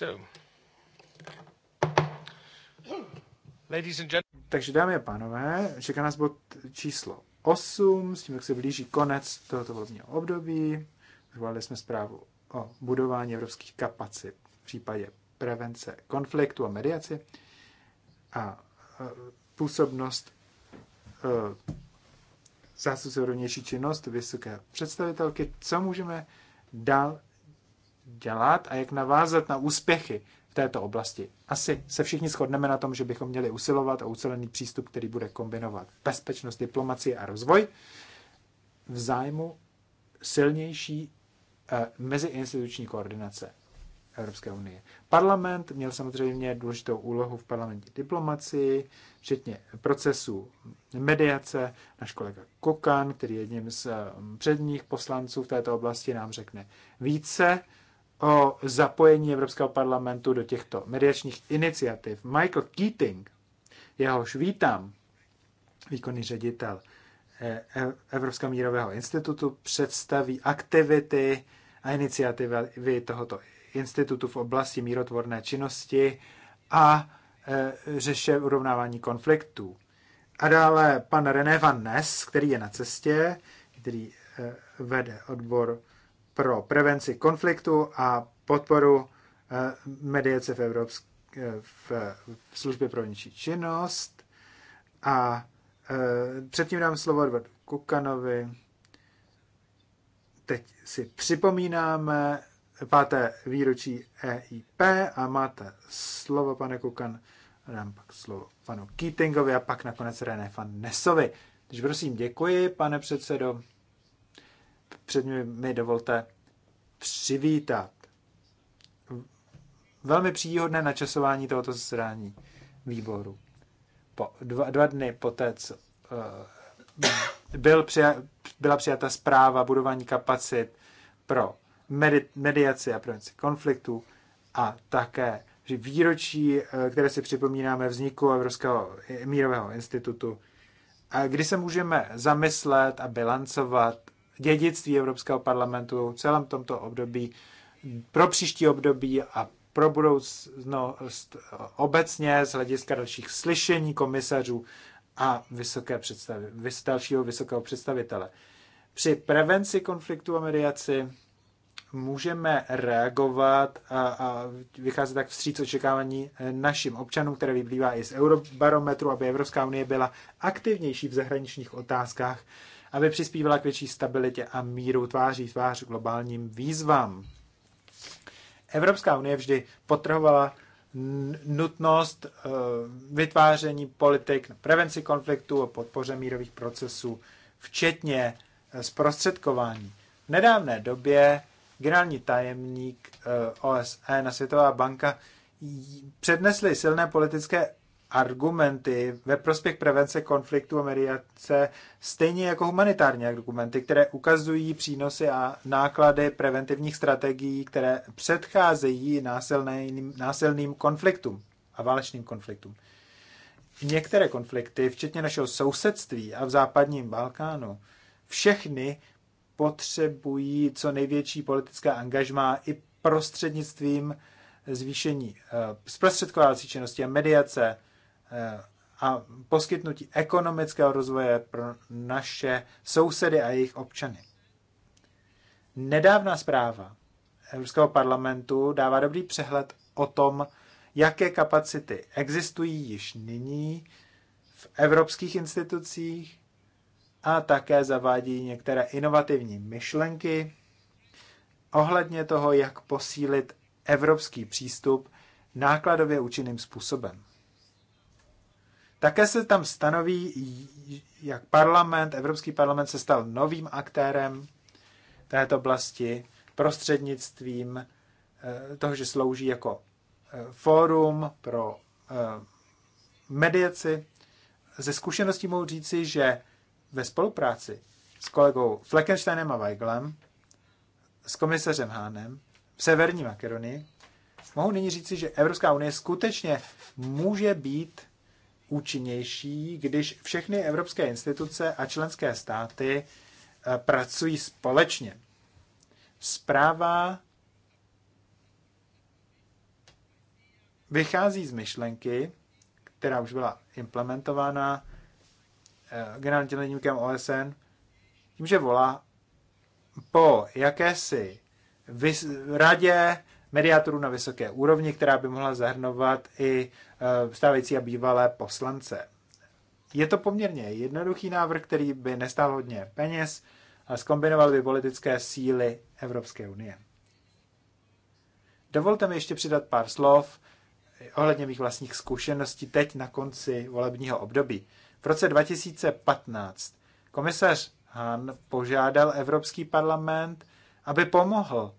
So. Ladies and gentlemen. Takže dámy a pánové, čeká nás bod číslo 8, s tím, jak se blíží konec tohoto volebního období. Zvolili jsme zprávu o budování evropských kapacit v případě prevence konfliktu a mediaci a e, působnost e, zástupce rovnější činnost vysoké představitelky. Co můžeme dál dělat a jak navázat na úspěchy v této oblasti. Asi se všichni shodneme na tom, že bychom měli usilovat o ucelený přístup, který bude kombinovat bezpečnost, diplomacii a rozvoj v zájmu silnější eh, meziinstituční koordinace Evropské unie. Parlament měl samozřejmě důležitou úlohu v parlamentní diplomacii, včetně procesu mediace. Náš kolega Kokan, který je jedním z eh, předních poslanců v této oblasti, nám řekne více o zapojení Evropského parlamentu do těchto mediačních iniciativ. Michael Keating, jehož vítám, výkonný ředitel eh, eh, Evropského mírového institutu, představí aktivity a iniciativy tohoto institutu v oblasti mírotvorné činnosti a eh, řeše urovnávání konfliktů. A dále pan René Van Ness, který je na cestě, který vede odbor pro prevenci konfliktu a podporu eh, mediace v, Evropské eh, v, v službě pro vnitřní činnost. A eh, předtím dám slovo Edwardu Kukanovi. Teď si připomínáme páté výročí EIP a máte slovo, pane Kukan, a dám pak slovo panu Keatingovi a pak nakonec René van Takže prosím, děkuji, pane předsedo před mi dovolte přivítat velmi příhodné načasování tohoto zasedání výboru. Po dva, dva dny poté, co uh, byl přija, byla přijata zpráva budování kapacit pro medi, mediaci a prevenci konfliktů a také že výročí, eh, které si připomínáme vzniku Evropského mírového institutu, kdy se můžeme zamyslet a bilancovat dědictví Evropského parlamentu v celém tomto období, pro příští období a pro budoucnost obecně z hlediska dalších slyšení komisařů a vysoké představy, dalšího vysokého představitele. Při prevenci konfliktu a mediaci můžeme reagovat a, a vycházet tak vstříc očekávání našim občanům, které vyplývá i z Eurobarometru, aby Evropská unie byla aktivnější v zahraničních otázkách aby přispívala k větší stabilitě a míru tváří tvář globálním výzvám. Evropská unie vždy potrhovala nutnost eh, vytváření politik na prevenci konfliktu a podpoře mírových procesů, včetně eh, zprostředkování. V nedávné době generální tajemník eh, OSN a e, Světová banka přednesli silné politické argumenty ve prospěch prevence konfliktu a mediace, stejně jako humanitární argumenty, které ukazují přínosy a náklady preventivních strategií, které předcházejí násilným, násilným konfliktům a válečným konfliktům. Některé konflikty, včetně našeho sousedství a v západním Balkánu, všechny potřebují co největší politické angažmá i prostřednictvím zvýšení eh, zprostředkovací činnosti a mediace, Eh, a poskytnutí ekonomického rozvoje pro naše sousedy a jejich občany. Nedávná zpráva Evropského parlamentu dává dobrý přehled o tom, jaké kapacity existují již nyní v evropských institucích a také zavádí některé inovativní myšlenky ohledně toho, jak posílit evropský přístup nákladově účinným způsobem. Také se tam stanoví, jak parlament, Evropský parlament se stal novým aktérem této oblasti prostřednictvím eh, toho, že slouží jako eh, fórum pro eh, mediaci. Ze zkušeností mohu říci, že ve spolupráci s kolegou Fleckensteinem a Weiglem, s komisařem Hánem v Severní Makedonii, mohu nyní říci, že Evropská unie skutečně může být účinnější, když všechny evropské instituce a členské státy eh, pracují společně. Zpráva vychází z myšlenky, která už byla implementována eh, generálním dělenímkem OSN, tím, že volá po jakési radě mediátorů na vysoké úrovni, která by mohla zahrnovat i e, stávající a bývalé poslance. Je to poměrně jednoduchý návrh, který by nestál hodně peněz a zkombinoval by politické síly Evropské unie. Dovolte mi ještě přidat pár slov ohledně mých vlastních zkušeností teď na konci volebního období. V roce 2015 komisař Hahn požádal Evropský parlament, aby pomohl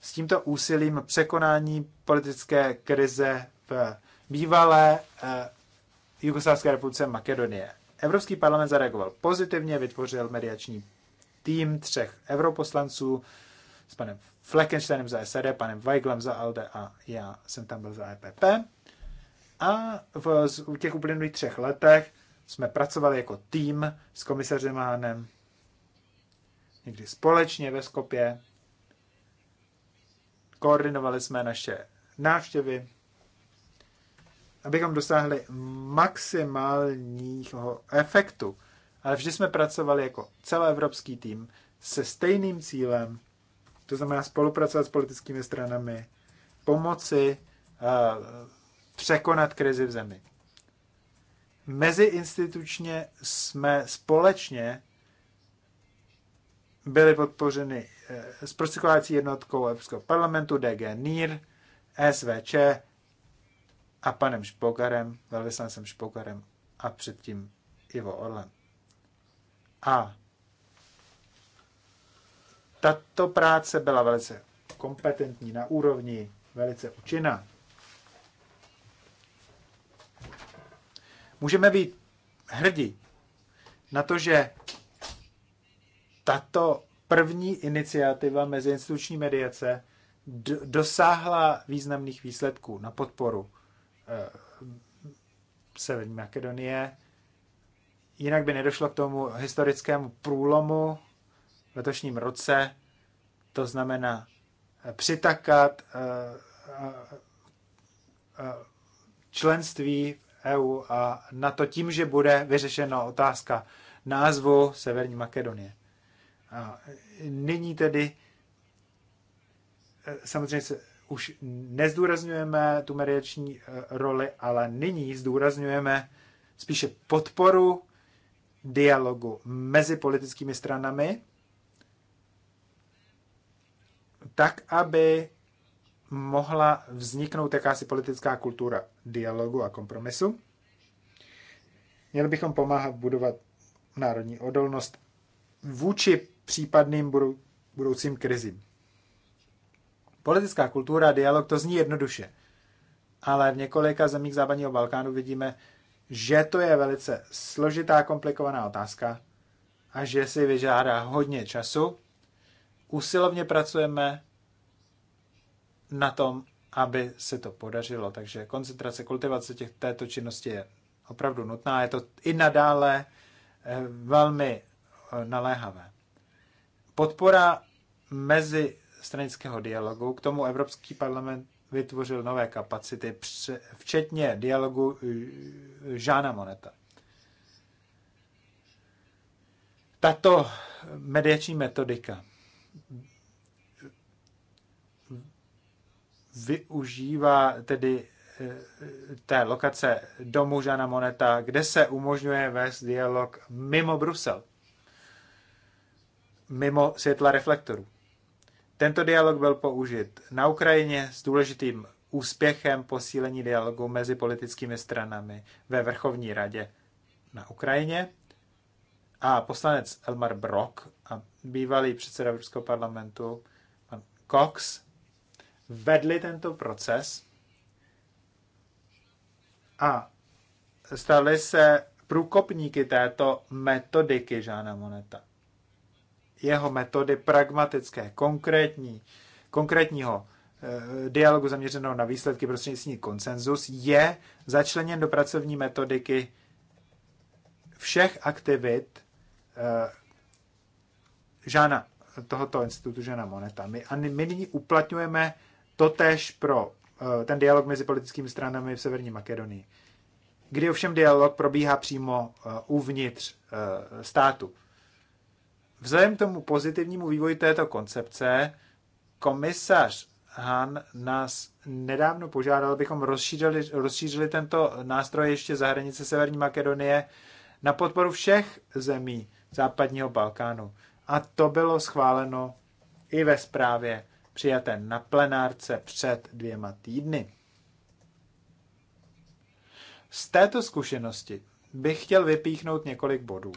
s tímto úsilím překonání politické krize v bývalé eh, Jugoslávské republice Makedonie. Evropský parlament zareagoval pozitivně, vytvořil mediační tým třech europoslanců s panem Fleckensteinem za SED, panem Weiglem za ALDE a já jsem tam byl za EPP. A v, u těch uplynulých třech letech jsme pracovali jako tým s komisařem Hánem, někdy společně ve Skopě, koordinovali jsme naše návštěvy, abychom dosáhli maximálního efektu. Ale vždy jsme pracovali jako celoevropský tým se stejným cílem, to znamená spolupracovat s politickými stranami, pomoci uh, překonat krizi v zemi. Meziinstitučně jsme společně byli podpořeny zprostředkovací jednotkou Evropského parlamentu DG NIR, SVČ a panem Špokarem, velvyslancem Špokarem a předtím Ivo Orlem. A tato práce byla velice kompetentní na úrovni, velice účinná. Můžeme být hrdí na to, že tato první iniciativa meziinstituční mediace dosáhla významných výsledků na podporu eh, Severní Makedonie. Jinak by nedošlo k tomu historickému průlomu v letošním roce, to znamená eh, přitakat eh, členství EU a na to tím, že bude vyřešena otázka názvu Severní Makedonie nyní tedy eh, samozřejmě se už nezdůrazňujeme tu mediační eh, roli, ale nyní zdůrazňujeme spíše podporu dialogu mezi politickými stranami, tak, aby mohla vzniknout jakási politická kultura dialogu a kompromisu. Měli bychom pomáhat budovat národní odolnost vůči případným budou, budoucím krizím. Politická kultura, dialog, to zní jednoduše. Ale v několika zemích západního Balkánu vidíme, že to je velice složitá, komplikovaná otázka a že si vyžádá hodně času. Usilovně pracujeme na tom, aby se to podařilo. Takže koncentrace kultivace těch, této činnosti je opravdu nutná. Je to i nadále eh, velmi eh, naléhavé. Podpora mezi stranického dialogu, k tomu Evropský parlament vytvořil nové kapacity, včetně dialogu eh, Žána Moneta. Tato mediační metodika využívá tedy eh, té lokace domu žána Moneta, kde se umožňuje vést dialog mimo Brusel mimo světla reflektorů. Tento dialog byl použit na Ukrajině s důležitým úspěchem posílení dialogu mezi politickými stranami ve Vrchovní radě na Ukrajině. A poslanec Elmar Brok a bývalý předseda Evropského parlamentu pan Cox vedli tento proces a stali se průkopníky této metodiky Žána Moneta jeho metody pragmatické, konkrétní, konkrétního eh, dialogu zaměřeného na výsledky prostřednictvím konsenzus je začleněn do pracovní metodiky všech aktivit eh, Žána, tohoto institutu Žána Moneta. My, a my nyní uplatňujeme totéž pro eh, ten dialog mezi politickými stranami v Severní Makedonii, kdy ovšem dialog probíhá přímo uvnitř státu. Vzhledem k tomu pozitivnímu vývoji této koncepce, komisař Han nás nedávno požádal, abychom rozšířili, rozšířili tento nástroj ještě za hranice Severní Makedonie na podporu všech zemí západního Balkánu. A to bylo schváleno i ve zprávě přijaté na plenárce před dvěma týdny. Z této zkušenosti bych chtěl vypíchnout několik bodů.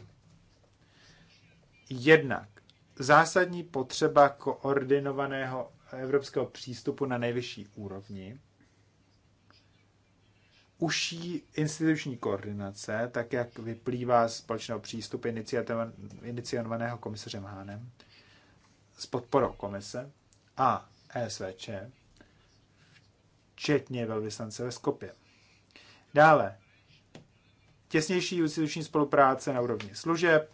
Jednak zásadní potřeba koordinovaného evropského přístupu na nejvyšší úrovni, užší instituční koordinace, tak jak vyplývá z společného přístupu iniciovaného komisařem Hánem, s podporou komise a ESVČ, včetně velvyslance ve Skopě. Dále, těsnější instituční spolupráce na úrovni služeb,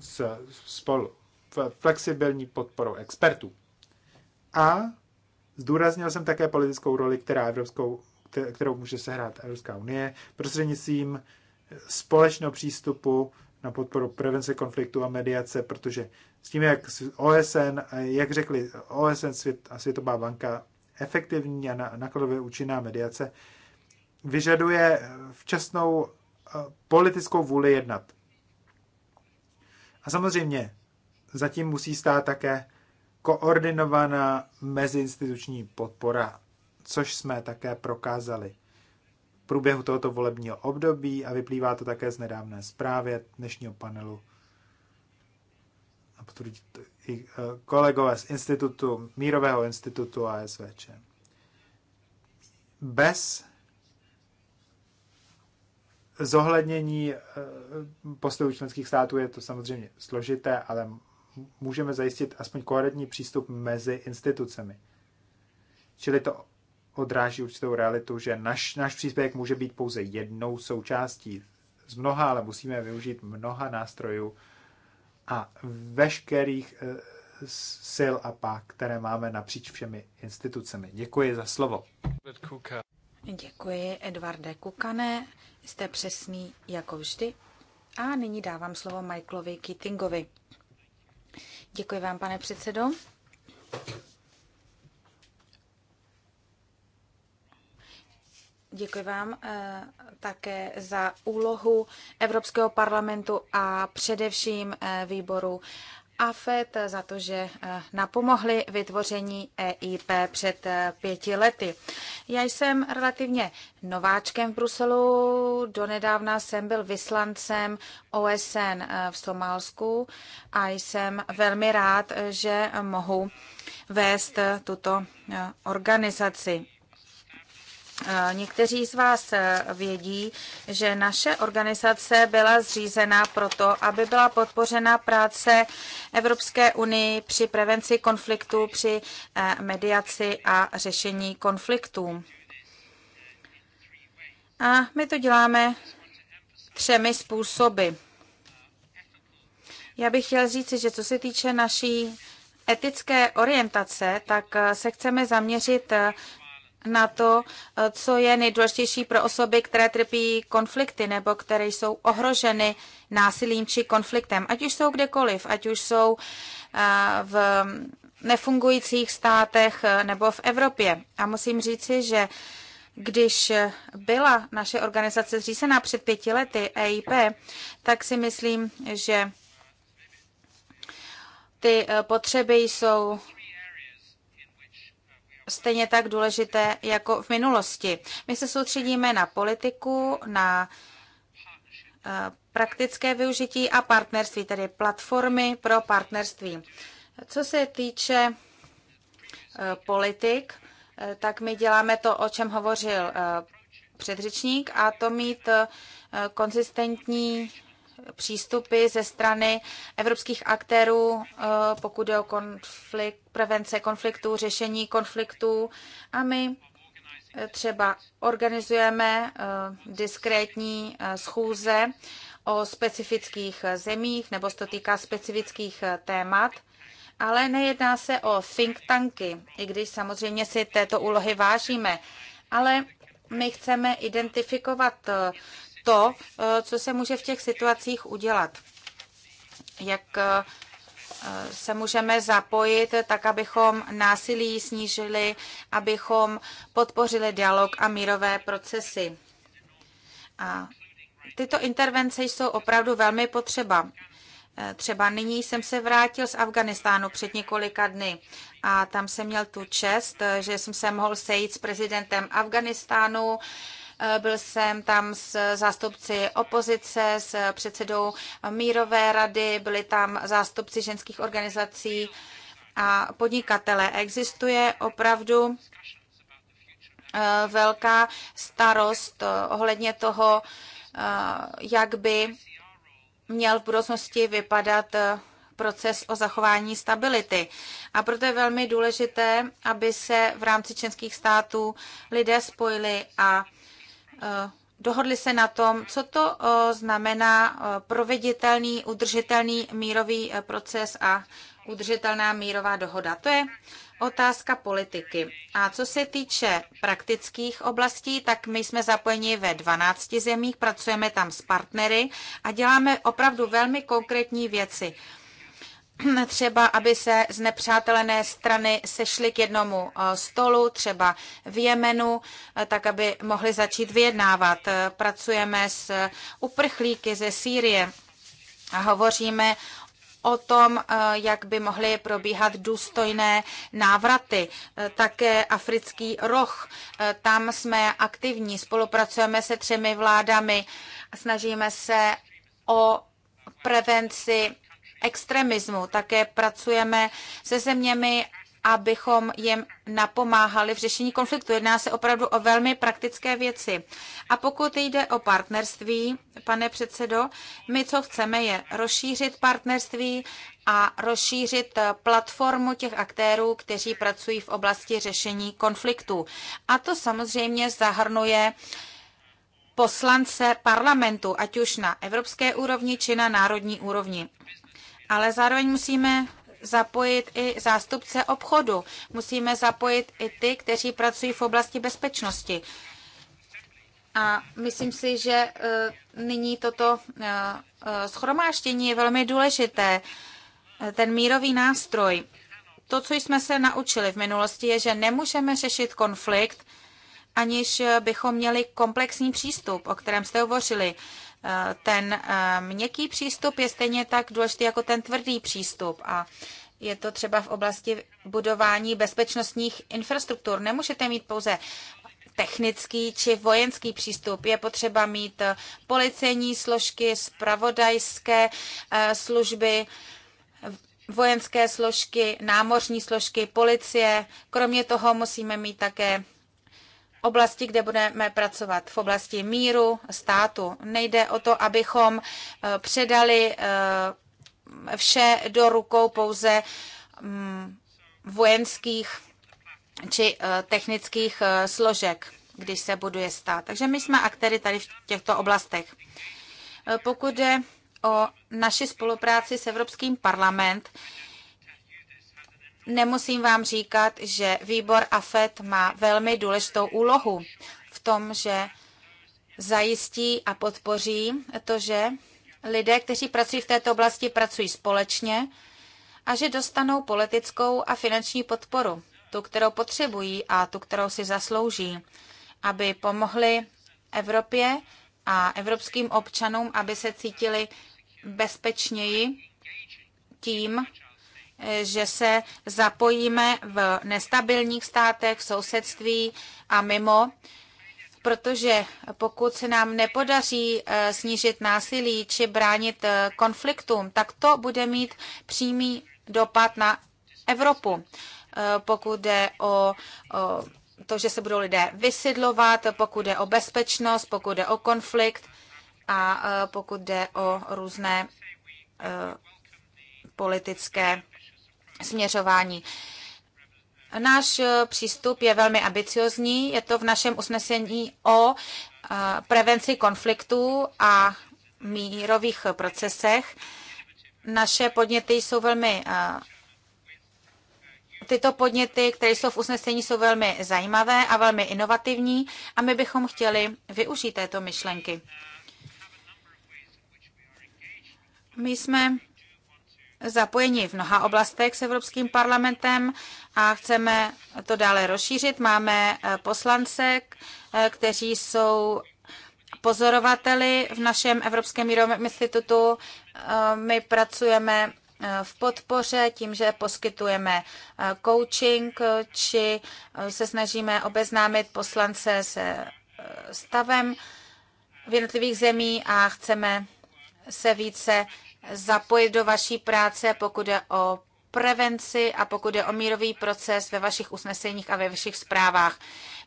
s, spolu flexibilní podporou expertů. A zdůraznil jsem také politickou roli, která Evropskou, kterou může sehrát Evropská unie prostřednictvím společného přístupu na podporu prevence konfliktu a mediace, protože s tím, jak OSN, jak řekli OSN svět, a Světová banka, efektivní a nakladově účinná mediace vyžaduje včasnou eh, politickou vůli jednat. A samozřejmě zatím musí stát také koordinovaná meziinstituční podpora, což jsme také prokázali v průběhu tohoto volebního období a vyplývá to také z nedávné zprávy dnešního panelu. A potvrdí to i eh, kolegové z institutu, Mírového institutu a SVČ. Bez zohlednění eh, postojů členských států je to samozřejmě složité, ale můžeme zajistit aspoň koherentní přístup mezi institucemi. Čili to odráží určitou realitu, že naš, náš příspěvek může být pouze jednou součástí z mnoha, ale musíme využít mnoha nástrojů a veškerých eh, sil a pak, které máme napříč všemi institucemi. Děkuji za slovo.
Děkuji, Edvarde Kukané. Jste přesný jako vždy. A nyní dávám slovo Michaelovi Keatingovi. Děkuji vám, pane předsedo. Děkuji vám eh, také za úlohu Evropského parlamentu a především eh, výboru AFET za to, že eh, napomohli vytvoření EIP před eh, pěti lety. Já jsem relativně nováčkem v Bruselu, donedávna jsem byl vyslancem OSN eh, v Somálsku a jsem velmi rád, že mohu vést tuto organizaci. Eh, někteří z vás eh, vědí, že naše organizace byla zřízena proto, aby byla podpořena práce Evropské unii při prevenci konfliktů, při eh, mediaci a řešení konfliktů. A my to děláme třemi způsoby. Já bych chtěl říct, že co se týče naší etické orientace, tak se chceme zaměřit na to, eh, co je nejdůležitější pro osoby, které trpí konflikty nebo které jsou ohroženy násilím či konfliktem, ať už jsou kdekoliv, ať už jsou eh, v nefungujících státech eh, nebo v Evropě. A musím říci, že když byla naše organizace zřízená před pěti lety EIP, tak si myslím, že ty potřeby jsou stejně tak důležité jako v minulosti. My se soustředíme na politiku, na eh, praktické využití a partnerství, tedy platformy pro partnerství. Co se týče eh, politik, eh, tak my děláme to, o čem hovořil předřečník, a to mít konzistentní přístupy ze strany evropských aktérů, eh, pokud je o konflikt, prevence konfliktů, řešení konfliktů. A my eh, třeba organizujeme eh, diskrétní schůze o specifických zemích, nebo se to týká specifických témat. Ale nejedná se o think tanky, i když samozřejmě si této úlohy vážíme. Ale my chceme identifikovat to, eh, co se může v těch situacích udělat. Jak eh, se můžeme zapojit tak, abychom násilí snížili, abychom podpořili dialog a mírové procesy. A tyto intervence jsou opravdu velmi potřeba. Eh, třeba nyní jsem se vrátil z Afganistánu před několika dny a tam jsem měl tu čest, že jsem se mohl sejít s prezidentem Afganistánu, byl jsem tam s zástupci opozice, s předsedou Mírové rady, byli tam zástupci ženských organizací a podnikatele. Existuje opravdu eh, velká starost eh, ohledně toho, eh, jak by měl v budoucnosti vypadat proces o zachování stability. A proto je velmi důležité, aby se v rámci českých států lidé spojili a Eh, dohodli se na tom, co to eh, znamená eh, proveditelný, udržitelný mírový proces a udržitelná mírová dohoda. To je otázka politiky. A co se týče praktických oblastí, tak my jsme zapojeni ve 12 zemích, pracujeme tam s partnery a děláme opravdu velmi konkrétní věci. třeba, aby se z nepřátelené strany sešly k jednomu eh, stolu, třeba v Jemenu, eh, tak aby mohli začít vyjednávat. Eh, Pracujeme s uprchlíky ze Sýrie a hovoříme o tom, jak by mohly probíhat důstojné návraty. Také africký roh, tam jsme aktivní, spolupracujeme se třemi vládami, snažíme se o prevenci extremismu. Také pracujeme se zeměmi, abychom jim napomáhali v řešení konfliktu. Jedná se opravdu o velmi praktické věci. A pokud jde o partnerství, pane předsedo, my co chceme je rozšířit partnerství a rozšířit platformu těch aktérů, kteří pracují v oblasti řešení konfliktu. A to samozřejmě zahrnuje poslance parlamentu, ať už na evropské úrovni či na národní úrovni ale zároveň musíme zapojit i zástupce obchodu, musíme zapojit i ty, kteří pracují v oblasti bezpečnosti. A myslím si, že e, nyní toto e, e, schromáštění je velmi důležité, ten mírový nástroj. To, co jsme se naučili v minulosti, je, že nemůžeme řešit konflikt, aniž bychom měli komplexní přístup, o kterém jste hovořili ten eh, měkký přístup je stejně tak důležitý jako ten tvrdý přístup. A je to třeba v oblasti budování bezpečnostních infrastruktur. Nemůžete mít pouze technický či vojenský přístup. Je potřeba mít eh, policejní složky, spravodajské eh, služby, vojenské složky, námořní složky, policie. Kromě toho musíme mít také oblasti, kde budeme pracovat, v oblasti míru státu. Nejde o to, abychom eh, předali eh, vše do rukou pouze mm, vojenských či eh, technických složek, když se buduje stát. Takže my jsme aktéry tady v těchto oblastech. Pokud jde o naši spolupráci s Evropským parlamentem nemusím vám říkat, že výbor AFET má velmi důležitou úlohu v tom, že zajistí a podpoří to, že lidé, kteří pracují v této oblasti, pracují společně a že dostanou politickou a finanční podporu, tu, kterou potřebují a tu, kterou si zaslouží, aby pomohli Evropě a evropským občanům, aby se cítili bezpečněji tím, že se zapojíme v nestabilních státech, v sousedství a mimo, protože pokud se nám nepodaří eh, snížit násilí či bránit eh, konfliktům, tak to bude mít přímý dopad na Evropu. Eh, pokud jde o, o to, že se budou lidé vysidlovat, pokud jde o bezpečnost, pokud jde o konflikt a pokud jde o různé politické směřování. Náš eh, přístup je velmi ambiciozní, je to v našem usnesení o eh, prevenci konfliktů a mírových procesech. Naše podněty jsou velmi eh, tyto podněty, které jsou v usnesení, jsou velmi zajímavé a velmi inovativní a my bychom chtěli využít této myšlenky. My jsme zapojeni v mnoha oblastech s Evropským parlamentem a chceme to dále rozšířit. Máme eh, poslance, eh, kteří jsou pozorovateli v našem Evropském mírovém institutu. Eh, my pracujeme v podpoře tím, že poskytujeme coaching či se snažíme obeznámit poslance se stavem v jednotlivých zemí a chceme se více zapojit do vaší práce, pokud je o prevenci a pokud je o mírový proces ve vašich usneseních a ve vašich zprávách.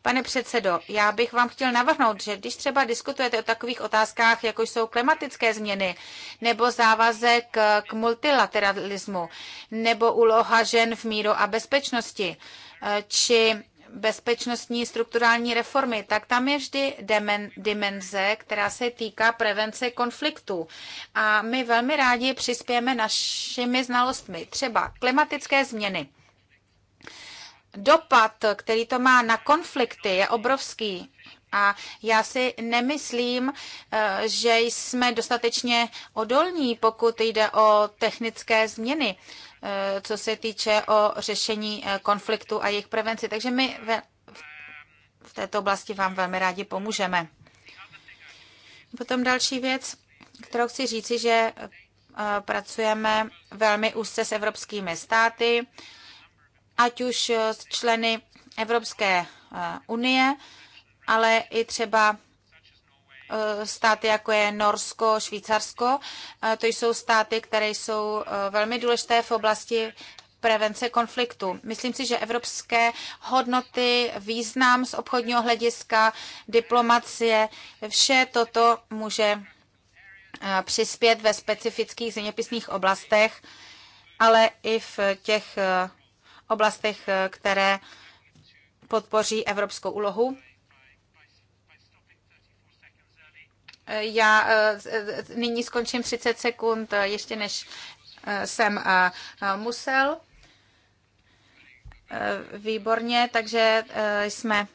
Pane předsedo, já bych vám chtěl navrhnout, že když třeba diskutujete o takových otázkách, jako jsou klimatické změny, nebo závazek k multilateralismu, nebo úloha žen v míru a bezpečnosti, či bezpečnostní strukturální reformy, tak tam je vždy demen, dimenze, která se týká prevence konfliktů. A my velmi rádi přispějeme našimi znalostmi, třeba klimatické změny. Dopad, který to má na konflikty, je obrovský. A já si nemyslím, eh, že jsme dostatečně odolní, pokud jde o technické změny. Eh, co se týče o řešení eh, konfliktu a jejich prevenci. Takže my v této oblasti vám velmi rádi pomůžeme. Potom další věc, kterou chci říci, že eh, pracujeme velmi úzce s evropskými státy, ať už s členy Evropské unie, ale i třeba Eh, státy, jako je Norsko, Švýcarsko. Eh, to jsou státy, které jsou eh, velmi důležité v oblasti prevence konfliktu. Myslím si, že evropské hodnoty, význam z obchodního hlediska, diplomacie, vše toto může přispět ve specifických zeměpisných oblastech, ale i v těch oblastech, které podpoří evropskou úlohu Já eh, nyní skončím 30 sekund, eh, ještě než eh, jsem musel. Výborně, takže jsme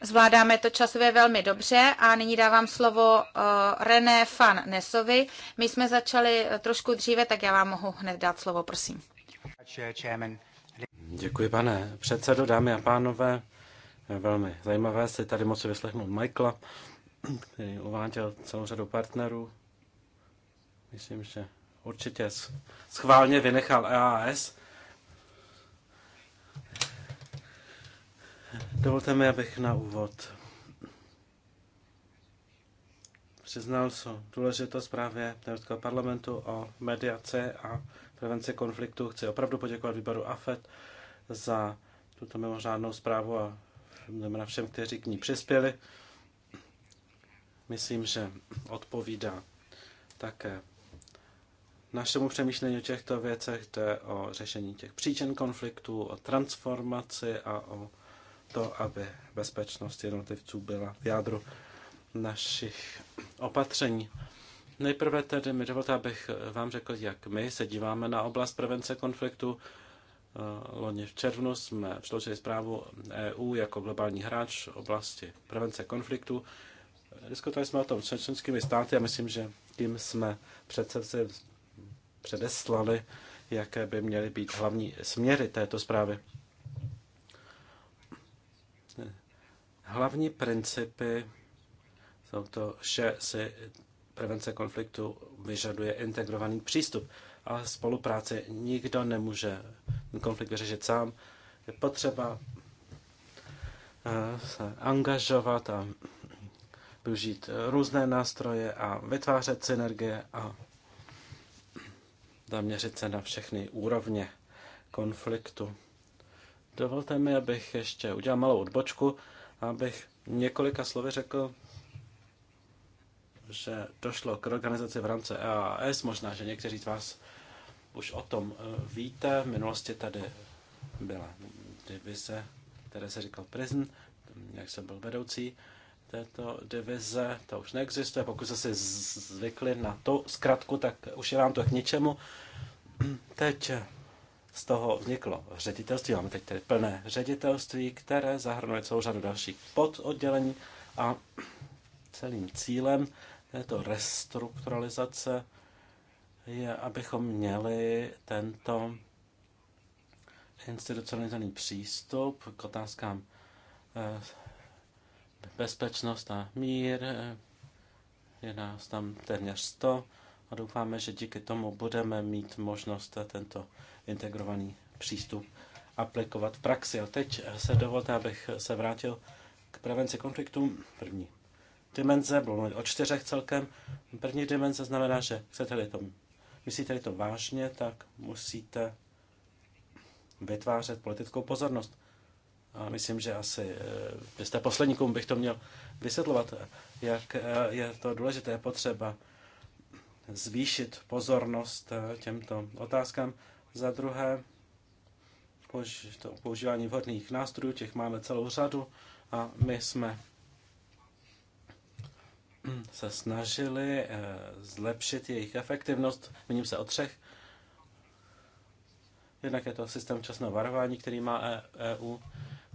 Zvládáme to časově velmi dobře a nyní dávám slovo René Fan Nesovi. My jsme začali trošku dříve, tak já vám mohu hned dát slovo, prosím.
Děkuji, pane předsedo, dámy a pánové. Velmi zajímavé si tady moc vyslechnout Michaela který uváděl celou řadu partnerů. Myslím, že určitě schválně vynechal EAS. Dovolte mi, abych na úvod přiznal co důležitost právě Evropského parlamentu o mediaci a prevenci konfliktu. Chci opravdu poděkovat výboru AFET za tuto mimořádnou zprávu a znamená všem, kteří k ní přispěli myslím, že odpovídá také našemu přemýšlení o těchto věcech, je o řešení těch příčin konfliktů, o transformaci a o to, aby bezpečnost jednotlivců byla v jádru našich opatření. Nejprve tedy mi dovolte, abych vám řekl, jak my se díváme na oblast prevence konfliktu. Loni v červnu jsme předložili zprávu EU jako globální hráč v oblasti prevence konfliktu. Diskutovali jsme o tom s členskými státy a myslím, že tím jsme přece předeslali, jaké by měly být hlavní směry této zprávy. Hlavní principy jsou to, že si prevence konfliktu vyžaduje integrovaný přístup a spolupráci. Nikdo nemůže konflikt vyřešit sám. Je potřeba eh, se angažovat a využít eh, různé nástroje a vytvářet synergie a zaměřit se na všechny úrovně konfliktu. Dovolte mi, abych ještě udělal malou odbočku, abych několika slovy řekl, že došlo k organizaci v rámci EAS. Možná, že někteří z vás už o tom eh, víte. V minulosti tady byla divize, které se říkal Prison, jak jsem byl vedoucí této divize, to už neexistuje. Pokud jste si zvykli na to zkratku, tak už je vám to k ničemu. Teď z toho vzniklo ředitelství, máme teď tedy plné ředitelství, které zahrnuje celou řadu dalších pododdělení a celým cílem této restrukturalizace je, abychom měli tento institucionalizovaný přístup k otázkám eh, bezpečnost a mír. Je nás tam téměř 100 a doufáme, že díky tomu budeme mít možnost tento integrovaný přístup aplikovat v praxi. A teď se dovolte, abych se vrátil k prevenci konfliktů. První dimenze, bylo o čtyřech celkem. První dimenze znamená, že chcete-li to, myslíte-li to vážně, tak musíte vytvářet politickou pozornost. A myslím, že asi byste eh, poslední, komu bych to měl vysvětlovat, jak eh, je to důležité potřeba zvýšit pozornost eh, těmto otázkám. Za druhé, to používání vhodných nástrojů, těch máme celou řadu a my jsme se snažili zlepšit jejich efektivnost. Měním se o třech. Jednak je to systém časného varování, který má e- EU.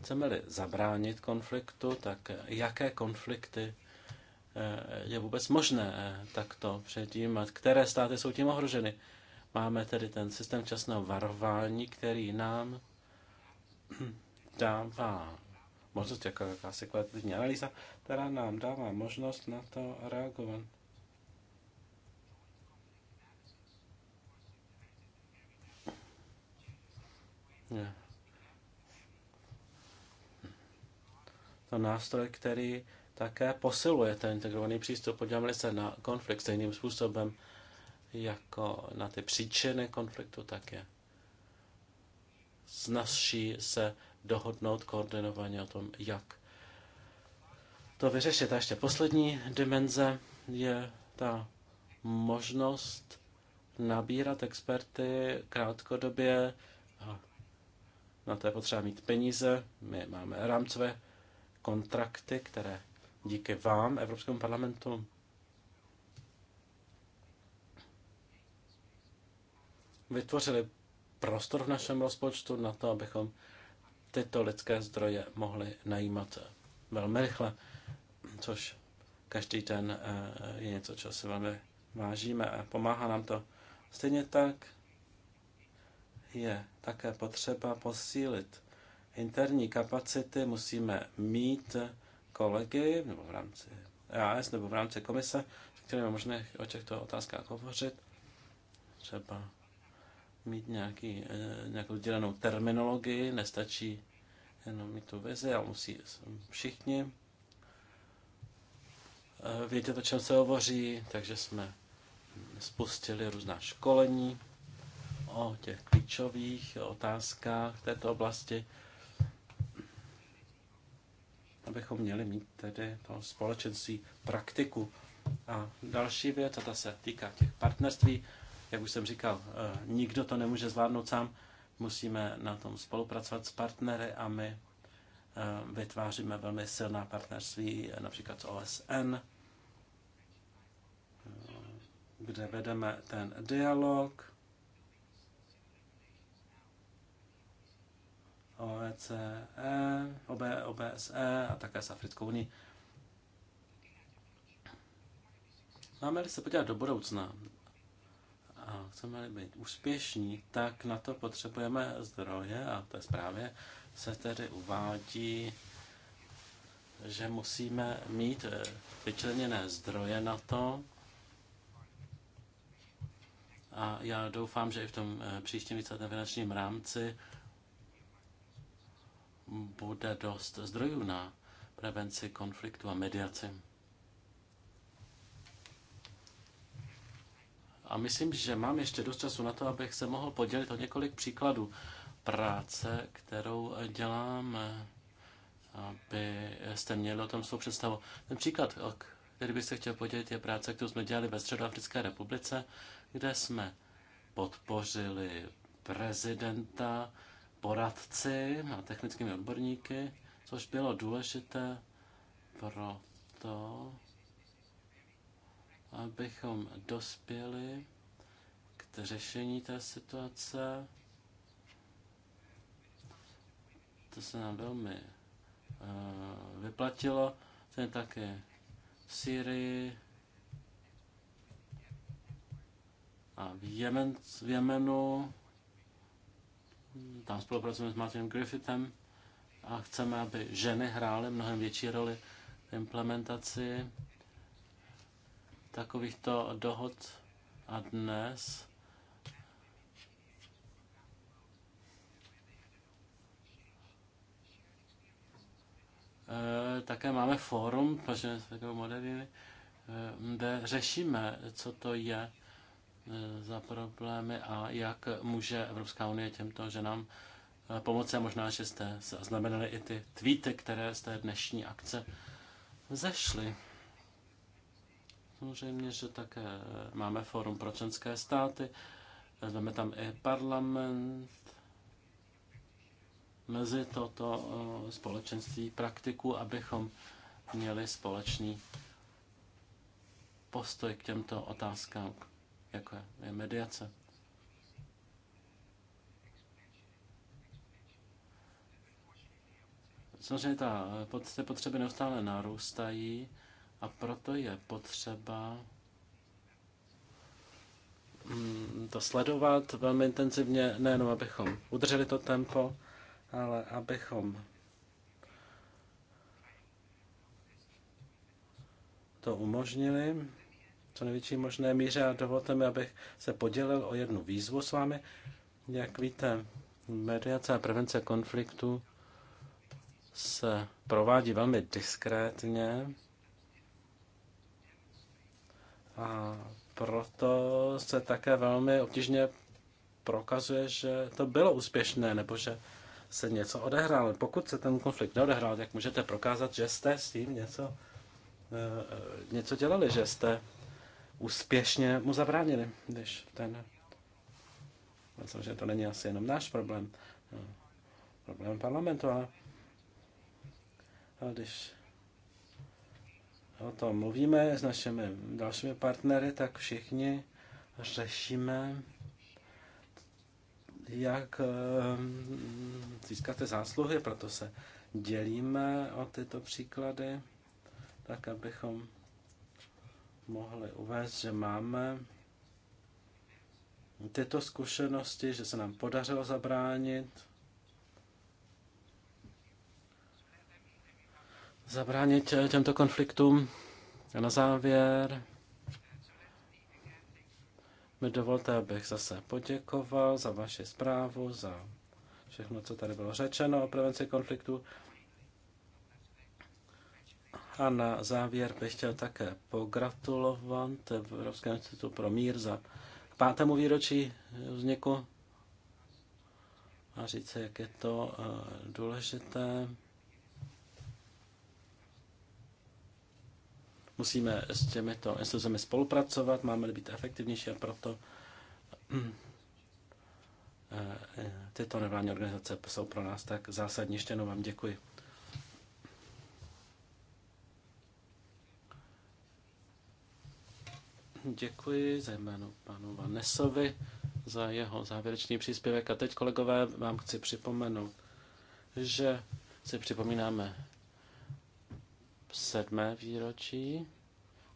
Chceme-li zabránit konfliktu, tak jaké konflikty eh, je vůbec možné eh, takto předjímat? Které státy jsou tím ohroženy? Máme tedy ten systém časného varování, který nám dává možnost, jako jakási kvalitativní analýza, která nám dává možnost na to reagovat. Yeah. to nástroj, který také posiluje ten integrovaný přístup. Podíváme se na konflikt stejným způsobem jako na ty příčiny konfliktu, tak je se dohodnout koordinovaně o tom, jak to vyřešit. A ještě poslední dimenze je ta možnost nabírat experty krátkodobě. Na to je potřeba mít peníze. My máme rámcové kontrakty, které díky vám, Evropskému parlamentu, vytvořili prostor v našem rozpočtu na to, abychom tyto lidské zdroje mohli najímat velmi rychle, což každý den eh, je něco, čeho si velmi vážíme a pomáhá nám to. Stejně tak je také potřeba posílit interní kapacity musíme mít kolegy nebo v rámci EAS nebo v rámci komise, s kterými je možné o těchto otázkách hovořit. Třeba mít nějaký, eh, nějakou dělenou terminologii, nestačí jenom mít tu vizi, ale musí všichni eh, vědět, o čem se hovoří, takže jsme spustili různá školení o těch klíčových otázkách této oblasti abychom měli mít tedy to společenství praktiku. A další věc, a ta se týká těch partnerství, jak už jsem říkal, eh, nikdo to nemůže zvládnout sám, musíme na tom spolupracovat s partnery a my eh, vytváříme velmi silná partnerství například s OSN, eh, kde vedeme ten dialog, OECE, OB, OBSE a také s Africkou unii. Máme-li se podívat do budoucna a chceme-li být úspěšní, tak na to potřebujeme zdroje a to je zprávě se tedy uvádí, že musíme mít eh, vyčleněné zdroje na to, a já doufám, že i v tom eh, příštím víceletém finančním rámci bude dost zdrojů na prevenci konfliktu a mediaci. A myslím, že mám ještě dost času na to, abych se mohl podělit o několik příkladů práce, kterou dělám, jste měli o tom svou představu. Ten příklad, o který bych se chtěl podělit, je práce, kterou jsme dělali ve Středoafrické republice, kde jsme podpořili prezidenta poradci a technickými odborníky, což bylo důležité pro to, abychom dospěli k řešení té situace. To se nám velmi uh, vyplatilo. To je také v Syrii a v, Jemen, v Jemenu tam spolupracujeme s Martinem Griffithem a chceme, aby ženy hrály mnohem větší roli v implementaci takovýchto dohod a dnes eh, také máme fórum, protože jsme takové moderní, eh, kde řešíme, co to je Eh, za problémy a jak může Evropská unie těmto ženám eh, pomoci. A možná, že jste zaznamenali i ty tweety, které z té dnešní akce zešly. Samozřejmě, že také máme Fórum pro členské státy, vezmeme tam i parlament, mezi toto eh, společenství praktiků, abychom měli společný postoj k těmto otázkám jako je mediace. Samozřejmě ta, ty potřeby neustále narůstají a proto je potřeba mm, to sledovat velmi intenzivně, nejenom abychom udrželi to tempo, ale abychom to umožnili co největší možné míře a dovolte mi, abych se podělil o jednu výzvu s vámi. Jak víte, mediace a prevence konfliktu se provádí velmi diskrétně a proto se také velmi obtížně prokazuje, že to bylo úspěšné nebo že se něco odehrálo. Pokud se ten konflikt neodehrál, tak můžete prokázat, že jste s tím něco, eh, eh, něco dělali, že jste úspěšně mu zabránili, když ten... Myslím, že to není asi jenom náš problém, no, problém parlamentu, ale, ale když o tom mluvíme s našimi dalšími partnery, tak všichni řešíme, jak eh, získat ty zásluhy, proto se dělíme o tyto příklady, tak abychom mohli uvést, že máme tyto zkušenosti, že se nám podařilo zabránit zabránit těmto konfliktům. A na závěr mi dovolte, abych zase poděkoval za vaši zprávu, za všechno, co tady bylo řečeno o prevenci konfliktu. A na závěr bych chtěl také pogratulovat Evropské institutu pro mír za pátému výročí vzniku a říct, jak je to eh, důležité. Musíme s těmito institucemi spolupracovat, máme být efektivnější a proto eh, tyto nevládní organizace jsou pro nás tak zásadní. Ještě jednou vám děkuji. Děkuji zejména panu Vanesovi za jeho závěrečný příspěvek. A teď, kolegové, vám chci připomenout, že si připomínáme sedmé výročí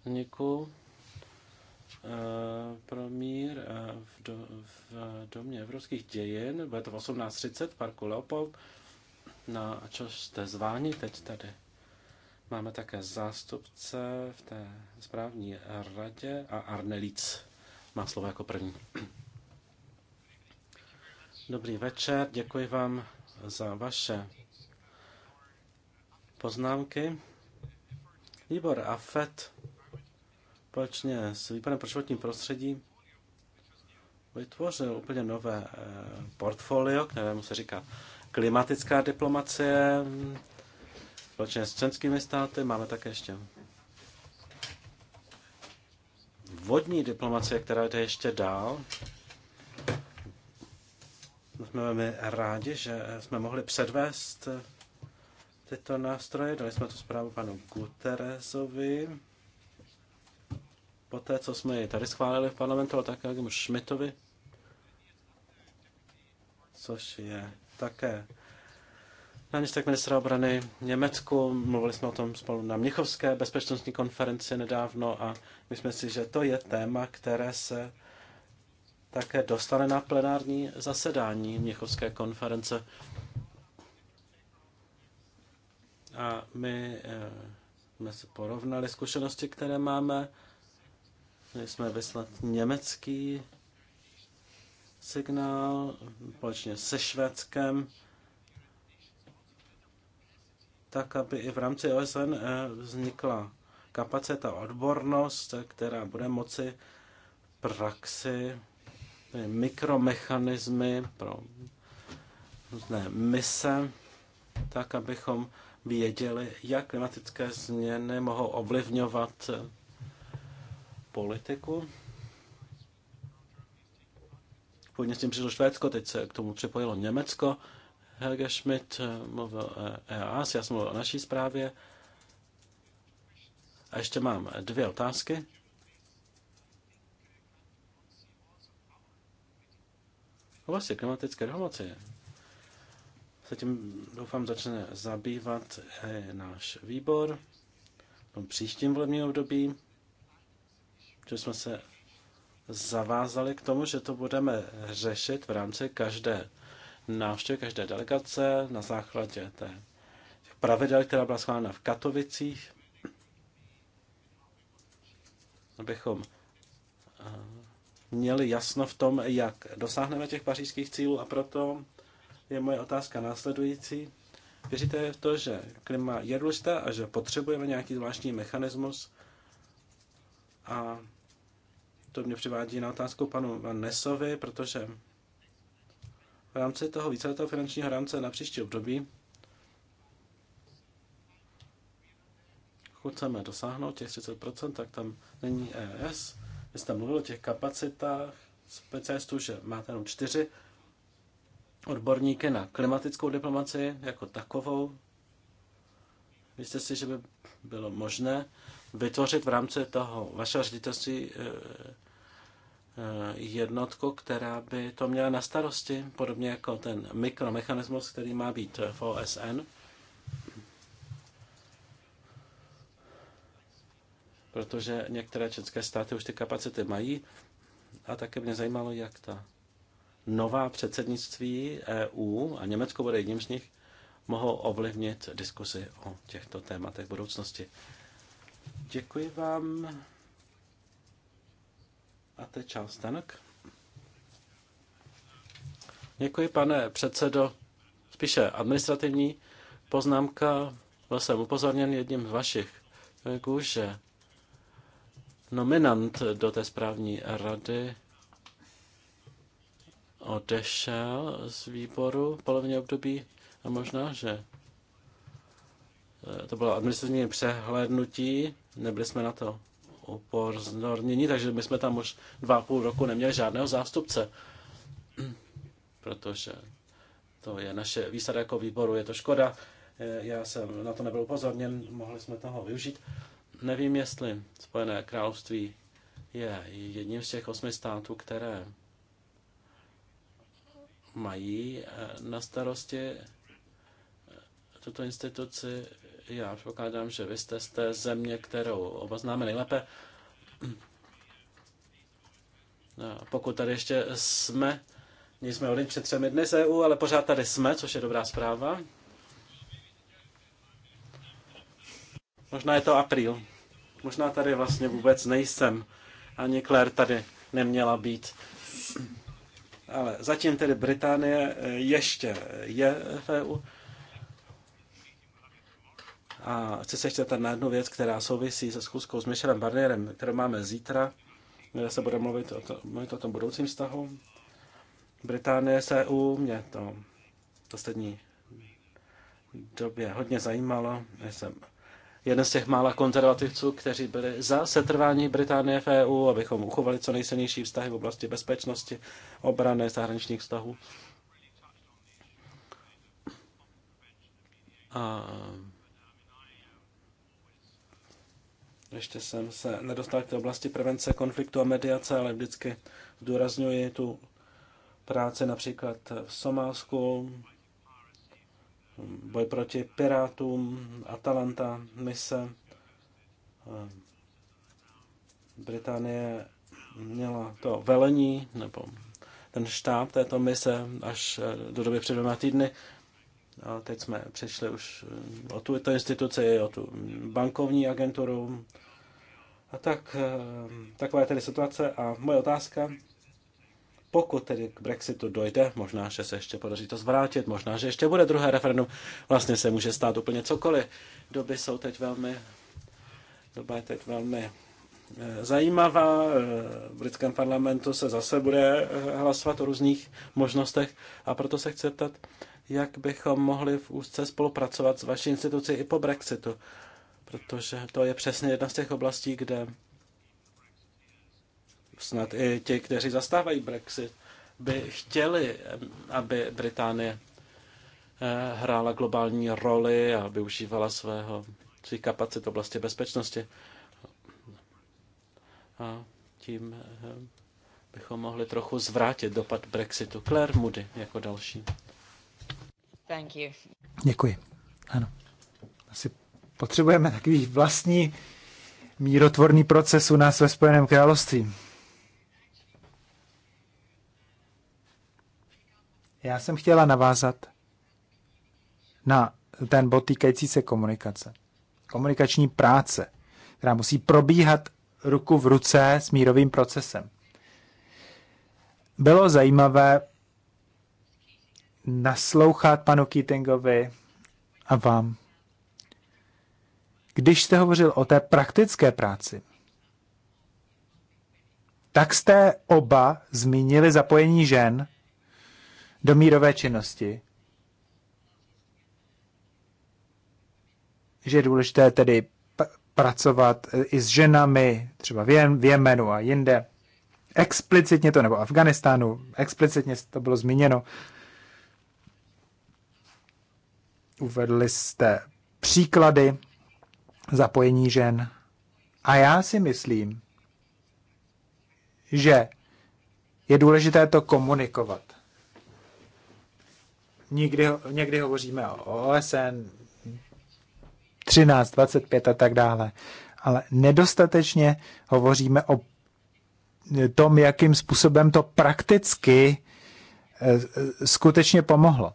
vzniku eh, pro mír eh, v, do, v Domě evropských dějin. Bude to v 18.30 v parku Leopold, na což jste zváni teď tady Máme také zástupce v té správní radě a Arne Líc má slovo jako první. Dobrý večer, děkuji vám za vaše poznámky. Výbor AFET společně s výborem pro životní prostředí vytvořil úplně nové eh, portfolio, kterému se říká klimatická diplomacie společně s členskými státy. Máme také ještě vodní diplomacie, která jde ještě dál. Jsme velmi rádi, že jsme mohli předvést tyto nástroje. Dali jsme tu zprávu panu Guterresovi. Poté, co jsme ji tady schválili v parlamentu, ale také Schmidtovi, což je také náměstek ministra obrany Německu. Mluvili jsme o tom spolu na Mnichovské bezpečnostní konferenci nedávno a myslím si, že to je téma, které se také dostane na plenární zasedání Mnichovské konference. A my eh, jsme si porovnali zkušenosti, které máme. My jsme vyslat německý signál společně se Švédskem tak aby i v rámci OSN eh, vznikla kapacita, odbornost, eh, která bude moci praxi, mikromechanismy pro různé mise, tak abychom věděli, jak klimatické změny mohou ovlivňovat eh, politiku. Původně s tím přišlo Švédsko, teď se k tomu připojilo Německo. Helge Schmidt eh, mluvil eh, EAS, já jsem mluvil o naší zprávě. A ještě mám dvě otázky. Vlastně klimatické dohlomoci se tím, doufám, začne zabývat náš výbor v tom příštím volebním období, že jsme se zavázali k tomu, že to budeme řešit v rámci každé návštěvy každé delegace na základě té pravidel, která byla schválena v Katovicích, abychom eh, měli jasno v tom, jak dosáhneme těch pařížských cílů a proto je moje otázka následující. Věříte v to, že klima je důležité a že potřebujeme nějaký zvláštní mechanismus? A to mě přivádí na otázku panu Van Nesovi, protože v rámci toho víceletého finančního rámce na příští období pokud chceme dosáhnout těch 30%, tak tam není ES. Vy jste mluvil o těch kapacitách specialistů, že máte jenom čtyři odborníky na klimatickou diplomaci jako takovou. Myslíte si, že by bylo možné vytvořit v rámci toho vašeho ředitelství eh, Eh, jednotku, která by to měla na starosti, podobně jako ten mikromechanismus, který má být v OSN. Protože některé české státy už ty kapacity mají a také mě zajímalo, jak ta nová předsednictví EU, a Německo bude jedním z nich, mohou ovlivnit diskusy o těchto tématech budoucnosti. Děkuji vám. A to je Charles Děkuji, pane předsedo. Spíše administrativní poznámka. Byl jsem upozorněn jedním z vašich kolegů, že nominant do té správní rady odešel z výboru v polovině období a možná, že eh, to bylo administrativní přehlédnutí, nebyli jsme na to upozornění, takže my jsme tam už dva a půl roku neměli žádného zástupce, protože to je naše výsada jako výboru, je to škoda, já jsem na to nebyl upozorněn, mohli jsme toho využít. Nevím, jestli Spojené království je jedním z těch osmi států, které mají eh, na starosti eh, tuto instituci. Já už pokládám, že vy jste z té země, kterou oba známe nejlépe. Pokud tady ještě jsme, nejsme jsme den před třemi dny z EU, ale pořád tady jsme, což je dobrá zpráva. Možná je to apríl. Možná tady vlastně vůbec nejsem. Ani Claire tady neměla být. Ale zatím tedy Británie ještě je v EU. A chci se ještě na jednu věc, která souvisí se schůzkou s Michelem Barnierem, kterou máme zítra, kde se bude mluvit o, to, mluvit o tom budoucím vztahu. Británie se EU, mě to v poslední době hodně zajímalo. Já jsem jeden z těch mála konzervativců, kteří byli za setrvání Británie v EU, abychom uchovali co nejsilnější vztahy v oblasti bezpečnosti, obrany, zahraničních vztahů. A Ještě jsem se nedostal k té oblasti prevence konfliktu a mediace, ale vždycky zdůraznuju tu práci například v Somálsku, boj proti pirátům, Atalanta, mise. Británie měla to velení, nebo ten štáb této mise až do doby před dvěma týdny. A teď jsme přišli už eh, o tu to instituci, o tu bankovní agenturu. A tak, eh, taková je tedy situace. A moje otázka, pokud tedy k Brexitu dojde, možná, že se ještě podaří to zvrátit, možná, že ještě bude druhé referendum, vlastně se může stát úplně cokoliv. Doby jsou teď velmi, doba je teď velmi eh, zajímavá. V britském parlamentu se zase bude hlasovat o různých možnostech a proto se chci ptat, jak bychom mohli v úzce spolupracovat s vaší institucí i po Brexitu, protože to je přesně jedna z těch oblastí, kde snad i ti, kteří zastávají Brexit, by chtěli, aby Británie eh, hrála globální roli a využívala svého, svých kapacit oblasti bezpečnosti. A tím eh, bychom mohli trochu zvrátit dopad Brexitu. Claire Moody jako další.
Thank you. Děkuji. Ano. Asi potřebujeme takový vlastní mírotvorný proces u nás ve Spojeném království. Já jsem chtěla navázat na ten bod týkající se komunikace. Komunikační práce, která musí probíhat ruku v ruce s mírovým procesem. Bylo zajímavé naslouchat panu Keatingovi a vám. Když jste hovořil o té praktické práci, tak jste oba zmínili zapojení žen do mírové činnosti. Že je důležité tedy pracovat i s ženami, třeba v Jemenu a jinde. Explicitně to, nebo Afganistánu, explicitně to bylo zmíněno. Uvedli jste příklady zapojení žen. A já si myslím, že je důležité to komunikovat. Nikdy, někdy hovoříme o OSN 13, 25 a tak dále, ale nedostatečně hovoříme o tom, jakým způsobem to prakticky eh, eh, skutečně pomohlo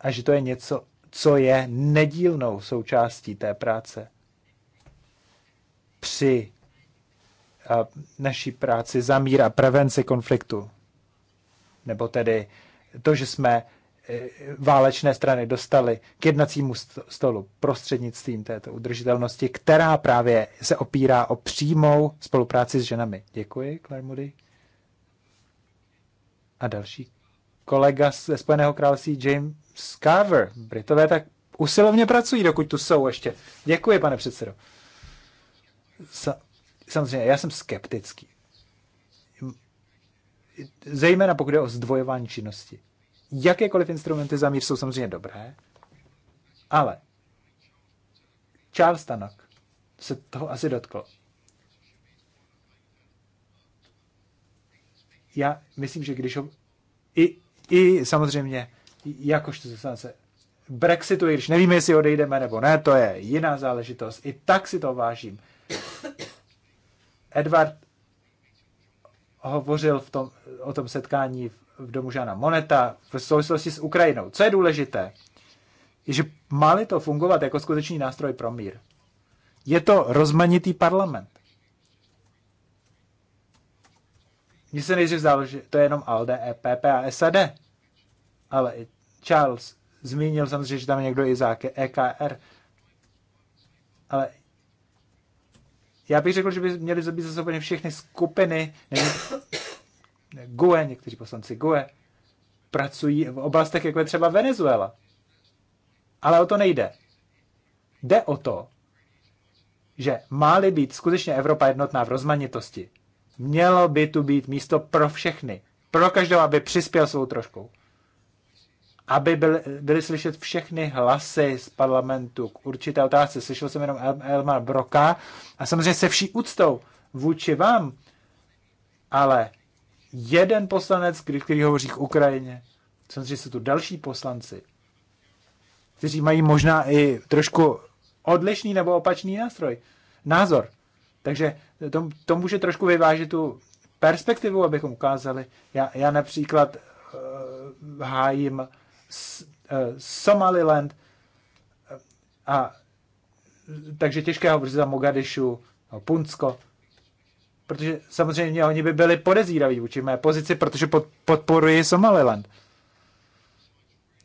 a že to je něco, co je nedílnou součástí té práce. Při naší práci za mír a prevenci konfliktu. Nebo tedy to, že jsme e, válečné strany dostali k jednacímu stolu prostřednictvím této udržitelnosti, která právě se opírá o přímou spolupráci s ženami. Děkuji, Claire Moody. A další kolega ze Spojeného království James Carver. Britové tak usilovně pracují, dokud tu jsou ještě. Děkuji, pane předsedo. Sa- samozřejmě, já jsem skeptický. Zejména pokud je o zdvojování činnosti. Jakékoliv instrumenty za mír jsou samozřejmě dobré, ale Charles Tanak se toho asi dotkl. Já myslím, že když ho i i samozřejmě jakožto zastánce Brexitu, i když nevíme, jestli odejdeme nebo ne, to je jiná záležitost. I tak si to vážím. Edward hovořil v tom, o tom setkání v domu Žána Moneta v souvislosti s Ukrajinou. Co je důležité, je, že má to fungovat jako skutečný nástroj pro mír. Je to rozmanitý parlament. Mně se nejdřív zdálo, že to je jenom ALDE, EPP a SAD. Ale i Charles zmínil samozřejmě, že tam je někdo i za EKR. Ale já bych řekl, že by měly být zastoupeny všechny skupiny, nevím, GUE, někteří poslanci GUE, pracují v oblastech, jako je třeba Venezuela. Ale o to nejde. Jde o to, že má-li být skutečně Evropa jednotná v rozmanitosti, Mělo by tu být místo pro všechny. Pro každého, aby přispěl svou troškou. Aby byly, byly slyšet všechny hlasy z parlamentu k určité otázce. Slyšel jsem jenom Elmar Broka a samozřejmě se vší úctou vůči vám, ale jeden poslanec, který, který hovoří k Ukrajině, samozřejmě jsou tu další poslanci, kteří mají možná i trošku odlišný nebo opačný nástroj, názor. Takže to, to může trošku vyvážit tu perspektivu, abychom ukázali. Já, já například uh, hájím s, uh, Somaliland eh, a takže těžké hovořit za Mogadišu, no, Punsko, protože samozřejmě oni by byli podezíraví vůči mé pozici, protože pod, podporuji Somaliland.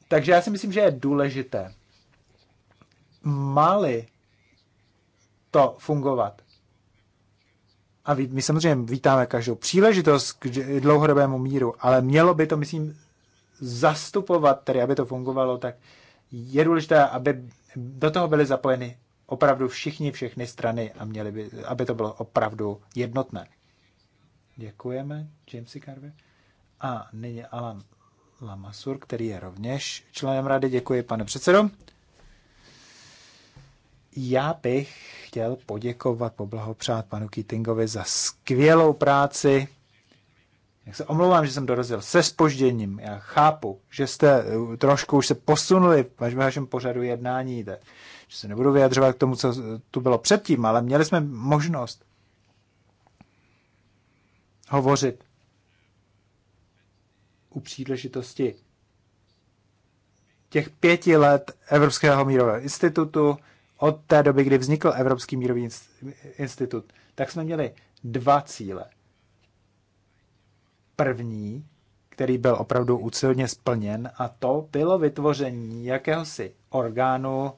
Takže já si myslím, že je důležité, mali to fungovat, a my samozřejmě vítáme každou příležitost k dlouhodobému míru, ale mělo by to, myslím, zastupovat, tedy aby to fungovalo, tak je důležité, aby do toho byly zapojeny opravdu všichni, všechny strany a měli by, aby to bylo opravdu jednotné. Děkujeme, Jamesy Carver. A nyní Alan Lamasur, který je rovněž členem rady. Děkuji, pane předsedo. Já bych chtěl poděkovat, poblahopřát panu Keatingovi za skvělou práci. Jak se omlouvám, že jsem dorazil se spožděním. Já chápu, že jste eh, trošku už se posunuli v vašem pořadu jednání. Jde. Že se nebudu vyjadřovat k tomu, co tu bylo předtím, ale měli jsme možnost hovořit u příležitosti těch pěti let Evropského mírového institutu, od té doby, kdy vznikl Evropský mírový institut, tak jsme měli dva cíle. První, který byl opravdu úcilně splněn, a to bylo vytvoření jakéhosi orgánu,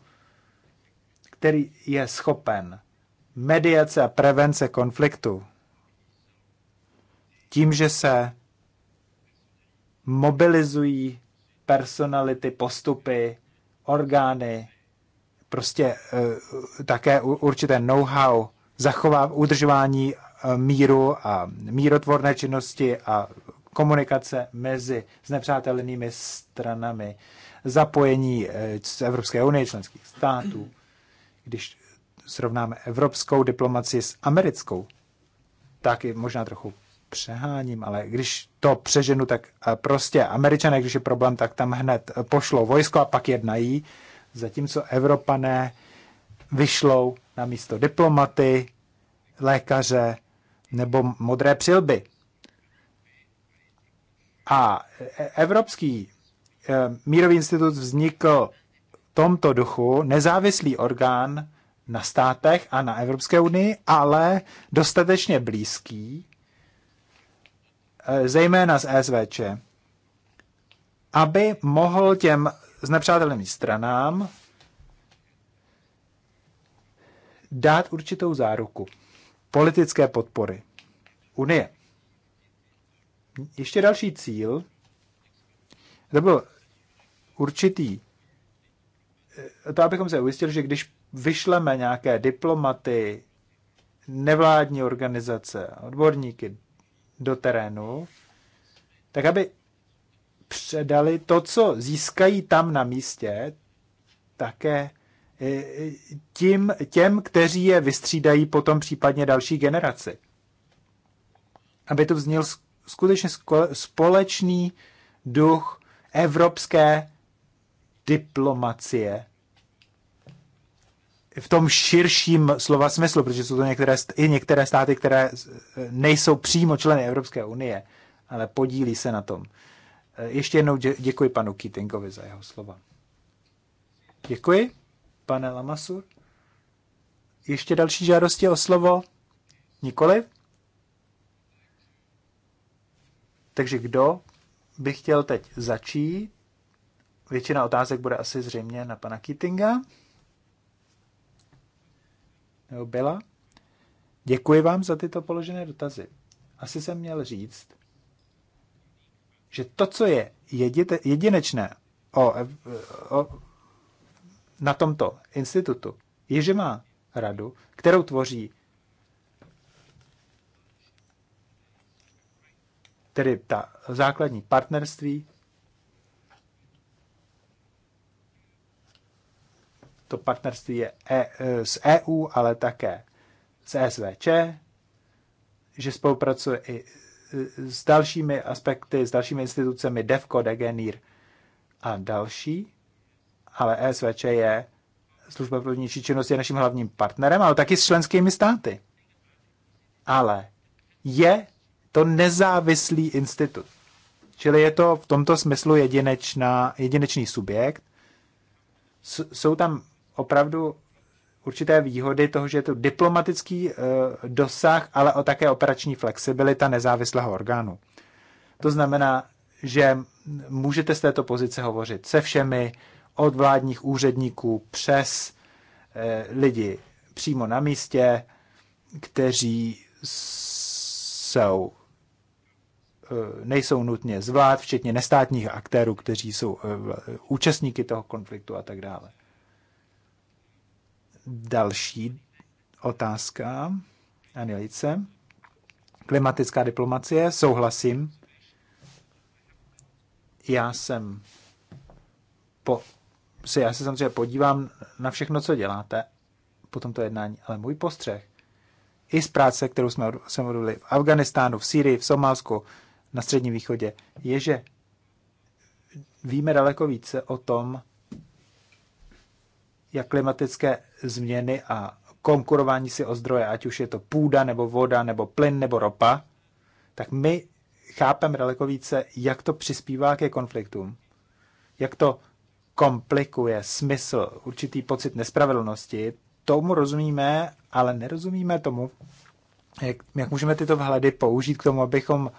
který je schopen mediace a prevence konfliktu tím, že se mobilizují personality, postupy, orgány, prostě eh, také určité know-how zachová udržování eh, míru a mírotvorné činnosti a komunikace mezi znepřátelenými stranami, zapojení eh, z Evropské unie, členských států, když srovnáme evropskou diplomaci s americkou, tak je možná trochu přeháním, ale když to přeženu, tak prostě američané, když je problém, tak tam hned pošlo vojsko a pak jednají zatímco Evropané vyšlou na místo diplomaty, lékaře nebo modré přilby. A Evropský eh, mírový institut vznikl v tomto duchu, nezávislý orgán na státech a na Evropské unii, ale dostatečně blízký, eh, zejména z SVČ, aby mohl těm nepřátelnými stranám dát určitou záruku politické podpory Unie. Ještě další cíl, to byl určitý, eh, to abychom se ujistili, že když vyšleme nějaké diplomaty, nevládní organizace, odborníky do terénu, tak aby předali to, co získají tam na místě, také e, e, tím, těm, kteří je vystřídají potom případně další generaci. Aby tu vzněl skutečně společný duch evropské diplomacie v tom širším slova smyslu, protože jsou to některé, i některé státy, které nejsou přímo členy Evropské unie, ale podílí se na tom. Eh, ještě jednou děkuji panu Keatingovi za jeho slova. Děkuji, pane Lamasur. Ještě další žádosti o slovo? Nikoliv? Takže kdo by chtěl teď začít? Většina otázek bude asi zřejmě na pana Keatinga. Nebo byla? Děkuji vám za tyto položené dotazy. Asi jsem měl říct, že to, co je jedinečné o, o, na tomto institutu, je, že má radu, kterou tvoří tedy ta základní partnerství, to partnerství je e, e s EU, ale také s e SVČ, že spolupracuje i s dalšími aspekty, s dalšími institucemi DEVCO, DGNIR a další, ale ESVČ je služba pro vnější činnost je naším hlavním partnerem, ale taky s členskými státy. Ale je to nezávislý institut. Čili je to v tomto smyslu jedinečná, jedinečný subjekt. S, jsou tam opravdu určité výhody toho, že je to diplomatický eh, dosah, ale o také operační flexibilita nezávislého orgánu. To znamená, že můžete z této pozice hovořit se všemi, od vládních úředníků přes eh, lidi přímo na místě, kteří jsou, eh, nejsou nutně zvlád včetně nestátních aktérů, kteří jsou účastníky toho konfliktu a tak dále. Další otázka. Anilice. Klimatická diplomacie, souhlasím. Já jsem po, se, já se samozřejmě podívám na všechno, co děláte po tomto jednání, ale můj postřeh i z práce, kterou jsme se modlili v Afganistánu, v Sýrii, v Somálsku, na Středním východě, je, že víme daleko více o tom, jak klimatické změny a konkurování si o zdroje, ať už je to půda, nebo voda, nebo plyn, nebo ropa, tak my chápeme daleko více, jak to přispívá ke konfliktům, jak to komplikuje smysl, určitý pocit nespravedlnosti. Tomu rozumíme, ale nerozumíme tomu, jak, jak můžeme tyto vhledy použít k tomu, abychom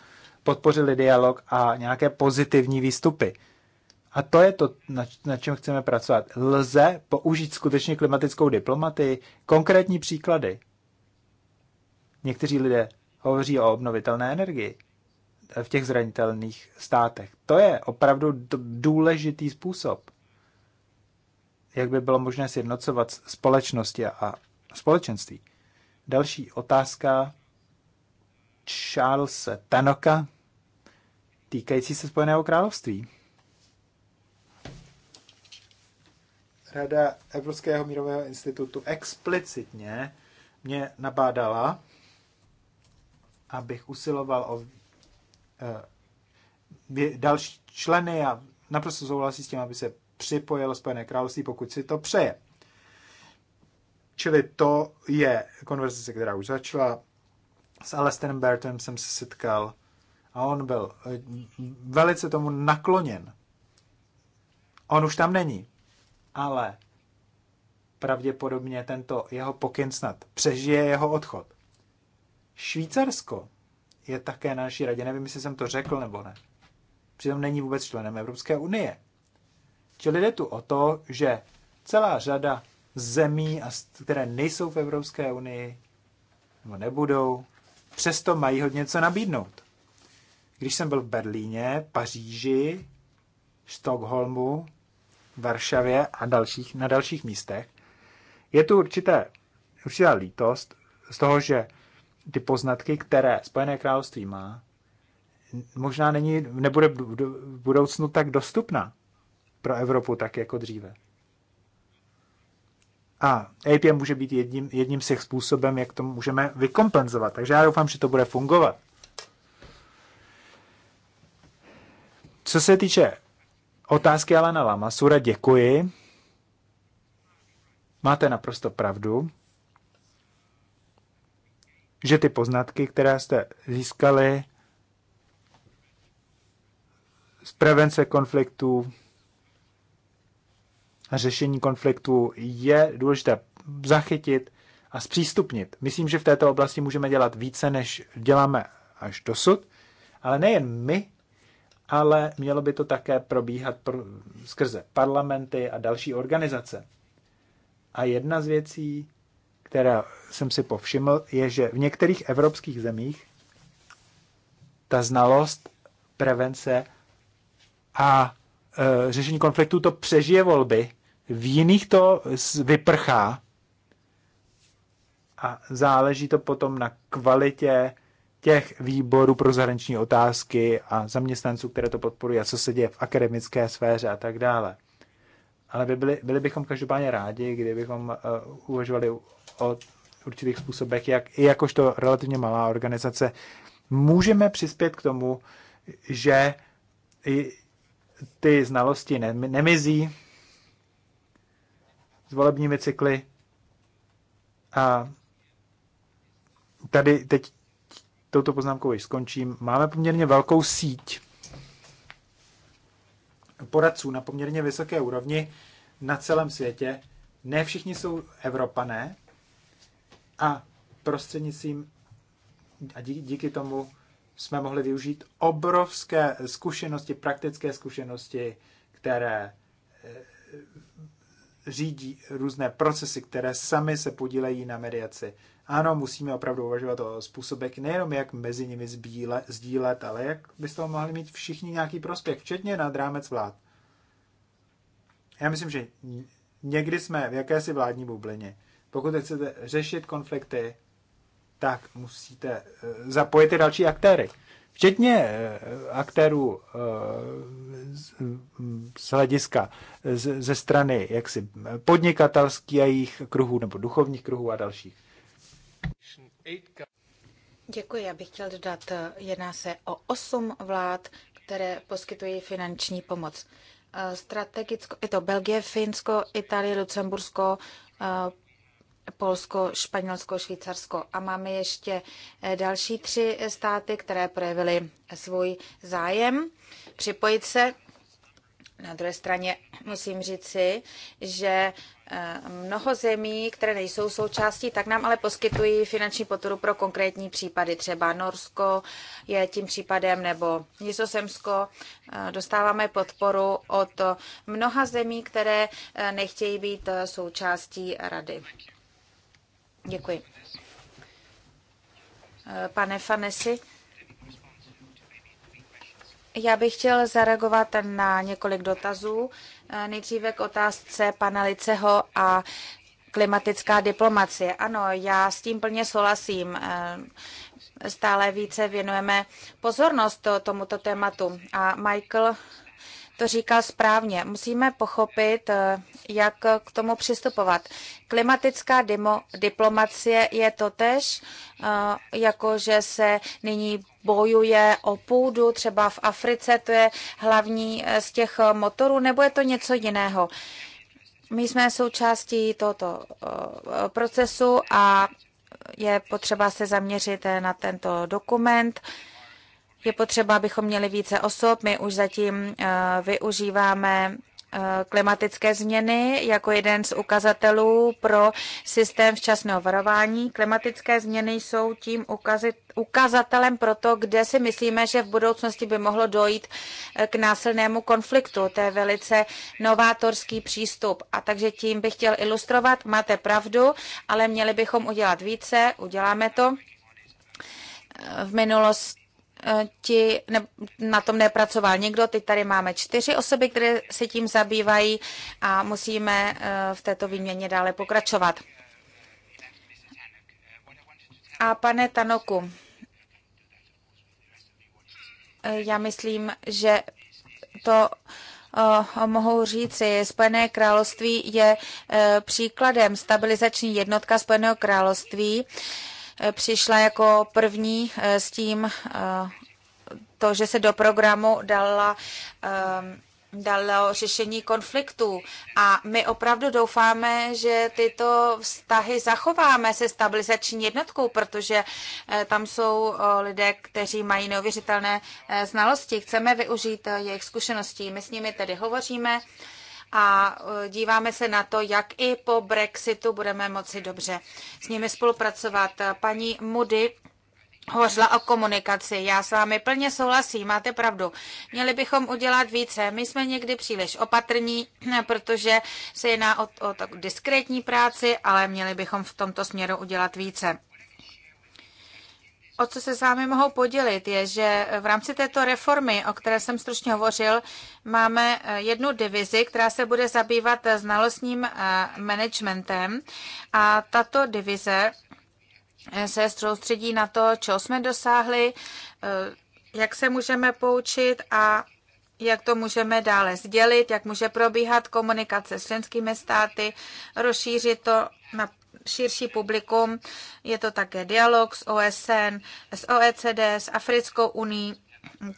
podpořili dialog a nějaké pozitivní výstupy. A to je to, na, na čem chceme pracovat. Lze použít skutečně klimatickou diplomatii, konkrétní příklady. Někteří lidé hovoří o obnovitelné energii v těch zranitelných státech. To je opravdu důležitý způsob, jak by bylo možné sjednocovat společnosti a společenství. Další otázka Charlesa Tanoka týkající se Spojeného království. Rada Evropského mírového institutu explicitně mě nabádala, abych usiloval o eh, další členy a naprosto souhlasí s tím, aby se připojilo Spojené království, pokud si to přeje. Čili to je konverzace, která už začala. S Alastairem Bertem jsem se setkal a on byl eh, velice tomu nakloněn. On už tam není ale pravděpodobně tento jeho pokyn snad přežije jeho odchod. Švýcarsko je také na naší radě, nevím, jestli jsem to řekl nebo ne. Přitom není vůbec členem Evropské unie. Čili jde tu o to, že celá řada zemí, které nejsou v Evropské unii, nebo nebudou, přesto mají hodně co nabídnout. Když jsem byl v Berlíně, Paříži, Stockholmu, Varšavě a dalších, na dalších místech. Je tu určité, určitá lítost z toho, že ty poznatky, které Spojené království má, možná není, nebude v budoucnu tak dostupná pro Evropu tak jako dříve. A APM může být jedním, jedním z těch způsobem, jak to můžeme vykompenzovat. Takže já doufám, že to bude fungovat. Co se týče otázky Alana Lamasura. Děkuji. Máte naprosto pravdu, že ty poznatky, které jste získali z prevence konfliktů a řešení konfliktů, je důležité zachytit a zpřístupnit. Myslím, že v této oblasti můžeme dělat více, než děláme až dosud, ale nejen my, ale mělo by to také probíhat pro, skrze parlamenty a další organizace. A jedna z věcí, která jsem si povšiml, je, že v některých evropských zemích ta znalost prevence a e, řešení konfliktů to přežije volby, v jiných to vyprchá a záleží to potom na kvalitě těch výborů pro zahraniční otázky a zaměstnanců, které to podporují a co se děje v akademické sféře a tak dále. Ale by byli, byli bychom každopádně rádi, kdybychom uh, uvažovali o určitých způsobech, jak i jakožto relativně malá organizace můžeme přispět k tomu, že ty znalosti nemizí s volebními cykly a tady teď touto poznámkou již skončím. Máme poměrně velkou síť poradců na poměrně vysoké úrovni na celém světě. Ne všichni jsou Evropané a prostřednictvím a díky, díky tomu jsme mohli využít obrovské zkušenosti, praktické zkušenosti, které eh, řídí různé procesy, které sami se podílejí na mediaci ano, musíme opravdu uvažovat o způsobech nejenom, jak mezi nimi zbíle, sdílet, ale jak by z toho mohli mít všichni nějaký prospěch, včetně nad rámec vlád. Já myslím, že někdy jsme v jakési vládní bublině. Pokud chcete řešit konflikty, tak musíte eh, zapojit i další aktéry. Včetně eh, aktérů eh, z hlediska ze strany jaksi podnikatelských a jejich kruhů nebo duchovních kruhů a dalších.
Děkuji, já bych chtěl dodat, eh, jedná se o osm vlád, které poskytují finanční pomoc. Eh, strategicko je to Belgie, Finsko, Itálie, Lucembursko, eh, Polsko, Španělsko, Švýcarsko. A máme ještě další tři státy, které projevily svůj zájem připojit se na druhé straně musím říci, že eh, mnoho zemí, které nejsou součástí, tak nám ale poskytují finanční podporu pro konkrétní případy. Třeba Norsko je tím případem, nebo Nizozemsko. Eh, dostáváme podporu od mnoha zemí, které eh, nechtějí být součástí rady. Děkuji. Pane Fanesi? Já bych chtěl zareagovat na několik dotazů. Eh, nejdříve k otázce pana Liceho a klimatická diplomacie. Ano, já s tím plně souhlasím. Eh, stále více věnujeme pozornost tomuto tématu. A Michael to říkal správně. Musíme pochopit, eh, jak k tomu přistupovat. Klimatická dimo, diplomacie je totež, eh, jako že se nyní bojuje o půdu, třeba v Africe, to je hlavní eh, z těch motorů, nebo je to něco jiného. My jsme součástí tohoto procesu a je potřeba se zaměřit na tento dokument. Je potřeba, abychom měli více osob. My už zatím eh, využíváme eh, klimatické změny jako jeden z ukazatelů pro systém včasného varování. Klimatické změny jsou tím ukazit, ukazatelem pro to, kde si myslíme, že v budoucnosti by mohlo dojít eh, k násilnému konfliktu. To je velice novátorský přístup. A takže tím bych chtěl ilustrovat, máte pravdu, ale měli bychom udělat více, uděláme to. V minulosti Eh, ti ne, na tom nepracoval někdo. Teď tady máme čtyři osoby, které se tím zabývají a musíme eh, v této výměně dále pokračovat. A pane Tanoku, eh, já myslím, že to mohu říci, Spojené království je příkladem stabilizační jednotka Spojeného království. Eh, přišla jako první eh, s tím, eh, to, že se do programu dala dalo řešení konfliktů. A my opravdu doufáme, že tyto vztahy zachováme se stabilizační jednotkou, protože tam jsou lidé, kteří mají neuvěřitelné znalosti. Chceme využít jejich zkušeností. My s nimi tedy hovoříme a e, díváme se na to, jak i po Brexitu budeme moci dobře s nimi spolupracovat. Paní Moody hovořila o komunikaci. Já s vámi plně souhlasím, máte pravdu. Měli bychom udělat více. My jsme někdy příliš opatrní, protože se jedná o, o tak diskrétní práci, ale měli bychom v tomto směru udělat více o co se s vámi mohou podělit, je, že v rámci této reformy, o které jsem stručně hovořil, máme eh, jednu divizi, která se bude zabývat eh, znalostním eh, managementem a tato divize se soustředí na to, čeho jsme dosáhli, jak se můžeme poučit a jak to můžeme dále sdělit, jak může probíhat komunikace s členskými státy, rozšířit to na širší publikum. Je to také dialog s OSN, s OECD, s Africkou unii,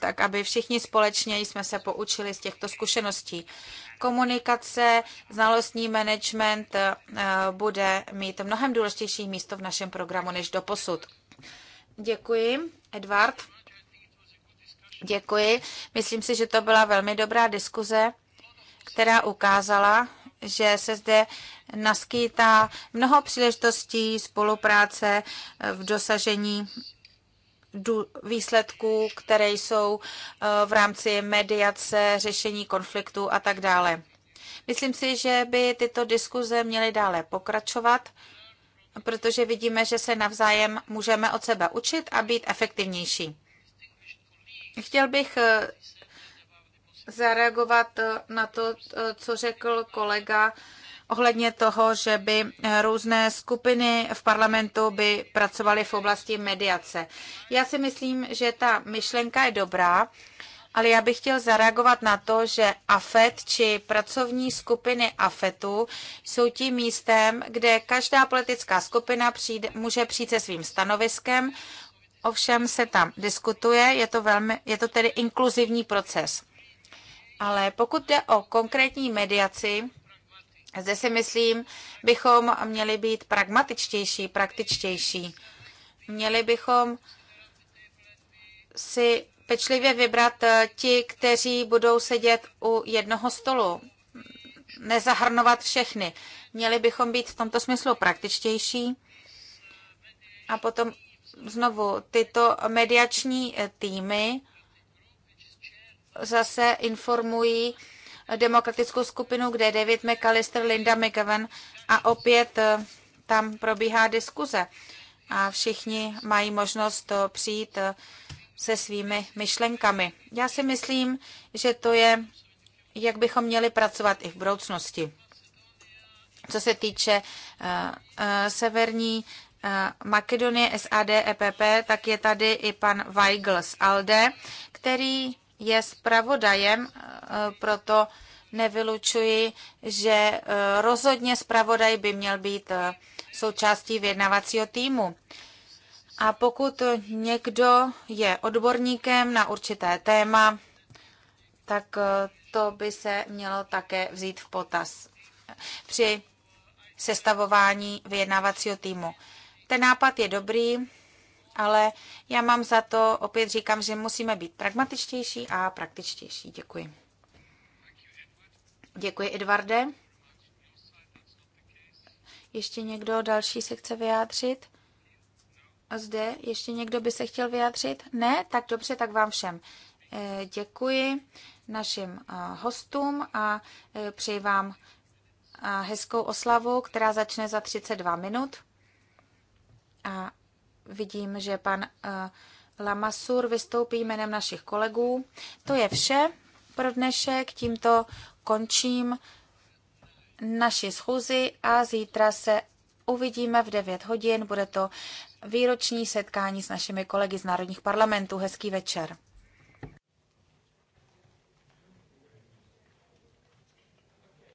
tak aby všichni společně jsme se poučili z těchto zkušeností. Komunikace, znalostní management eh, bude mít mnohem důležitější místo v našem programu než do posud. Děkuji, Edvard. Děkuji. Myslím si, že to byla velmi dobrá diskuze, která ukázala, že se zde naskýtá mnoho příležitostí spolupráce v dosažení výsledků, které jsou eh, v rámci mediace, řešení konfliktů a tak dále. Myslím si, že by tyto diskuze měly dále pokračovat, protože vidíme, že se navzájem můžeme od sebe učit a být efektivnější. Chtěl bych eh, zareagovat eh, na to, eh, co řekl kolega ohledně toho, že by eh, různé skupiny v parlamentu by pracovaly v oblasti mediace. Já si myslím, že ta myšlenka je dobrá, ale já bych chtěl zareagovat na to, že AFET či pracovní skupiny AFETu jsou tím místem, kde každá politická skupina přijde, může přijít se svým stanoviskem, ovšem se tam diskutuje, je to, velmi, je to tedy inkluzivní proces. Ale pokud jde o konkrétní mediaci, zde si myslím, bychom měli být pragmatičtější, praktičtější. Měli bychom si pečlivě vybrat eh, ti, kteří budou sedět u jednoho stolu, nezahrnovat všechny. Měli bychom být v tomto smyslu praktičtější. A potom znovu tyto mediační eh, týmy zase informují demokratickou skupinu, kde David McAllister, Linda McGovern a opět eh, tam probíhá diskuze a všichni mají možnost přijít eh, se svými myšlenkami. Já si myslím, že to je, jak bychom měli pracovat i v budoucnosti. Co se týče uh, uh, severní uh, Makedonie, SAD, EPP, tak je tady i pan Weigl z ALDE, který je zpravodajem, eh, proto nevylučuji, že eh, rozhodně zpravodaj by měl být eh, součástí vyjednavacího týmu. A pokud někdo je odborníkem na určité téma, tak to by se mělo také vzít v potaz při sestavování vyjednávacího týmu. Ten nápad je dobrý, ale já mám za to, opět říkám, že musíme být pragmatičtější a praktičtější. Děkuji. Děkuji, Edvarde. Ještě někdo další se chce vyjádřit? A zde ještě někdo by se chtěl vyjádřit? Ne? Tak dobře, tak vám všem eh, děkuji našim eh, hostům a eh, přeji vám hezkou oslavu, která začne za 32 minut. A vidím, že pan eh, Lamasur vystoupí jménem našich kolegů. To je vše pro dnešek. Tímto končím naši schůzi a zítra se uvidíme v 9 hodin. Bude to výroční setkání s našimi kolegy z národních parlamentů. Hezký večer.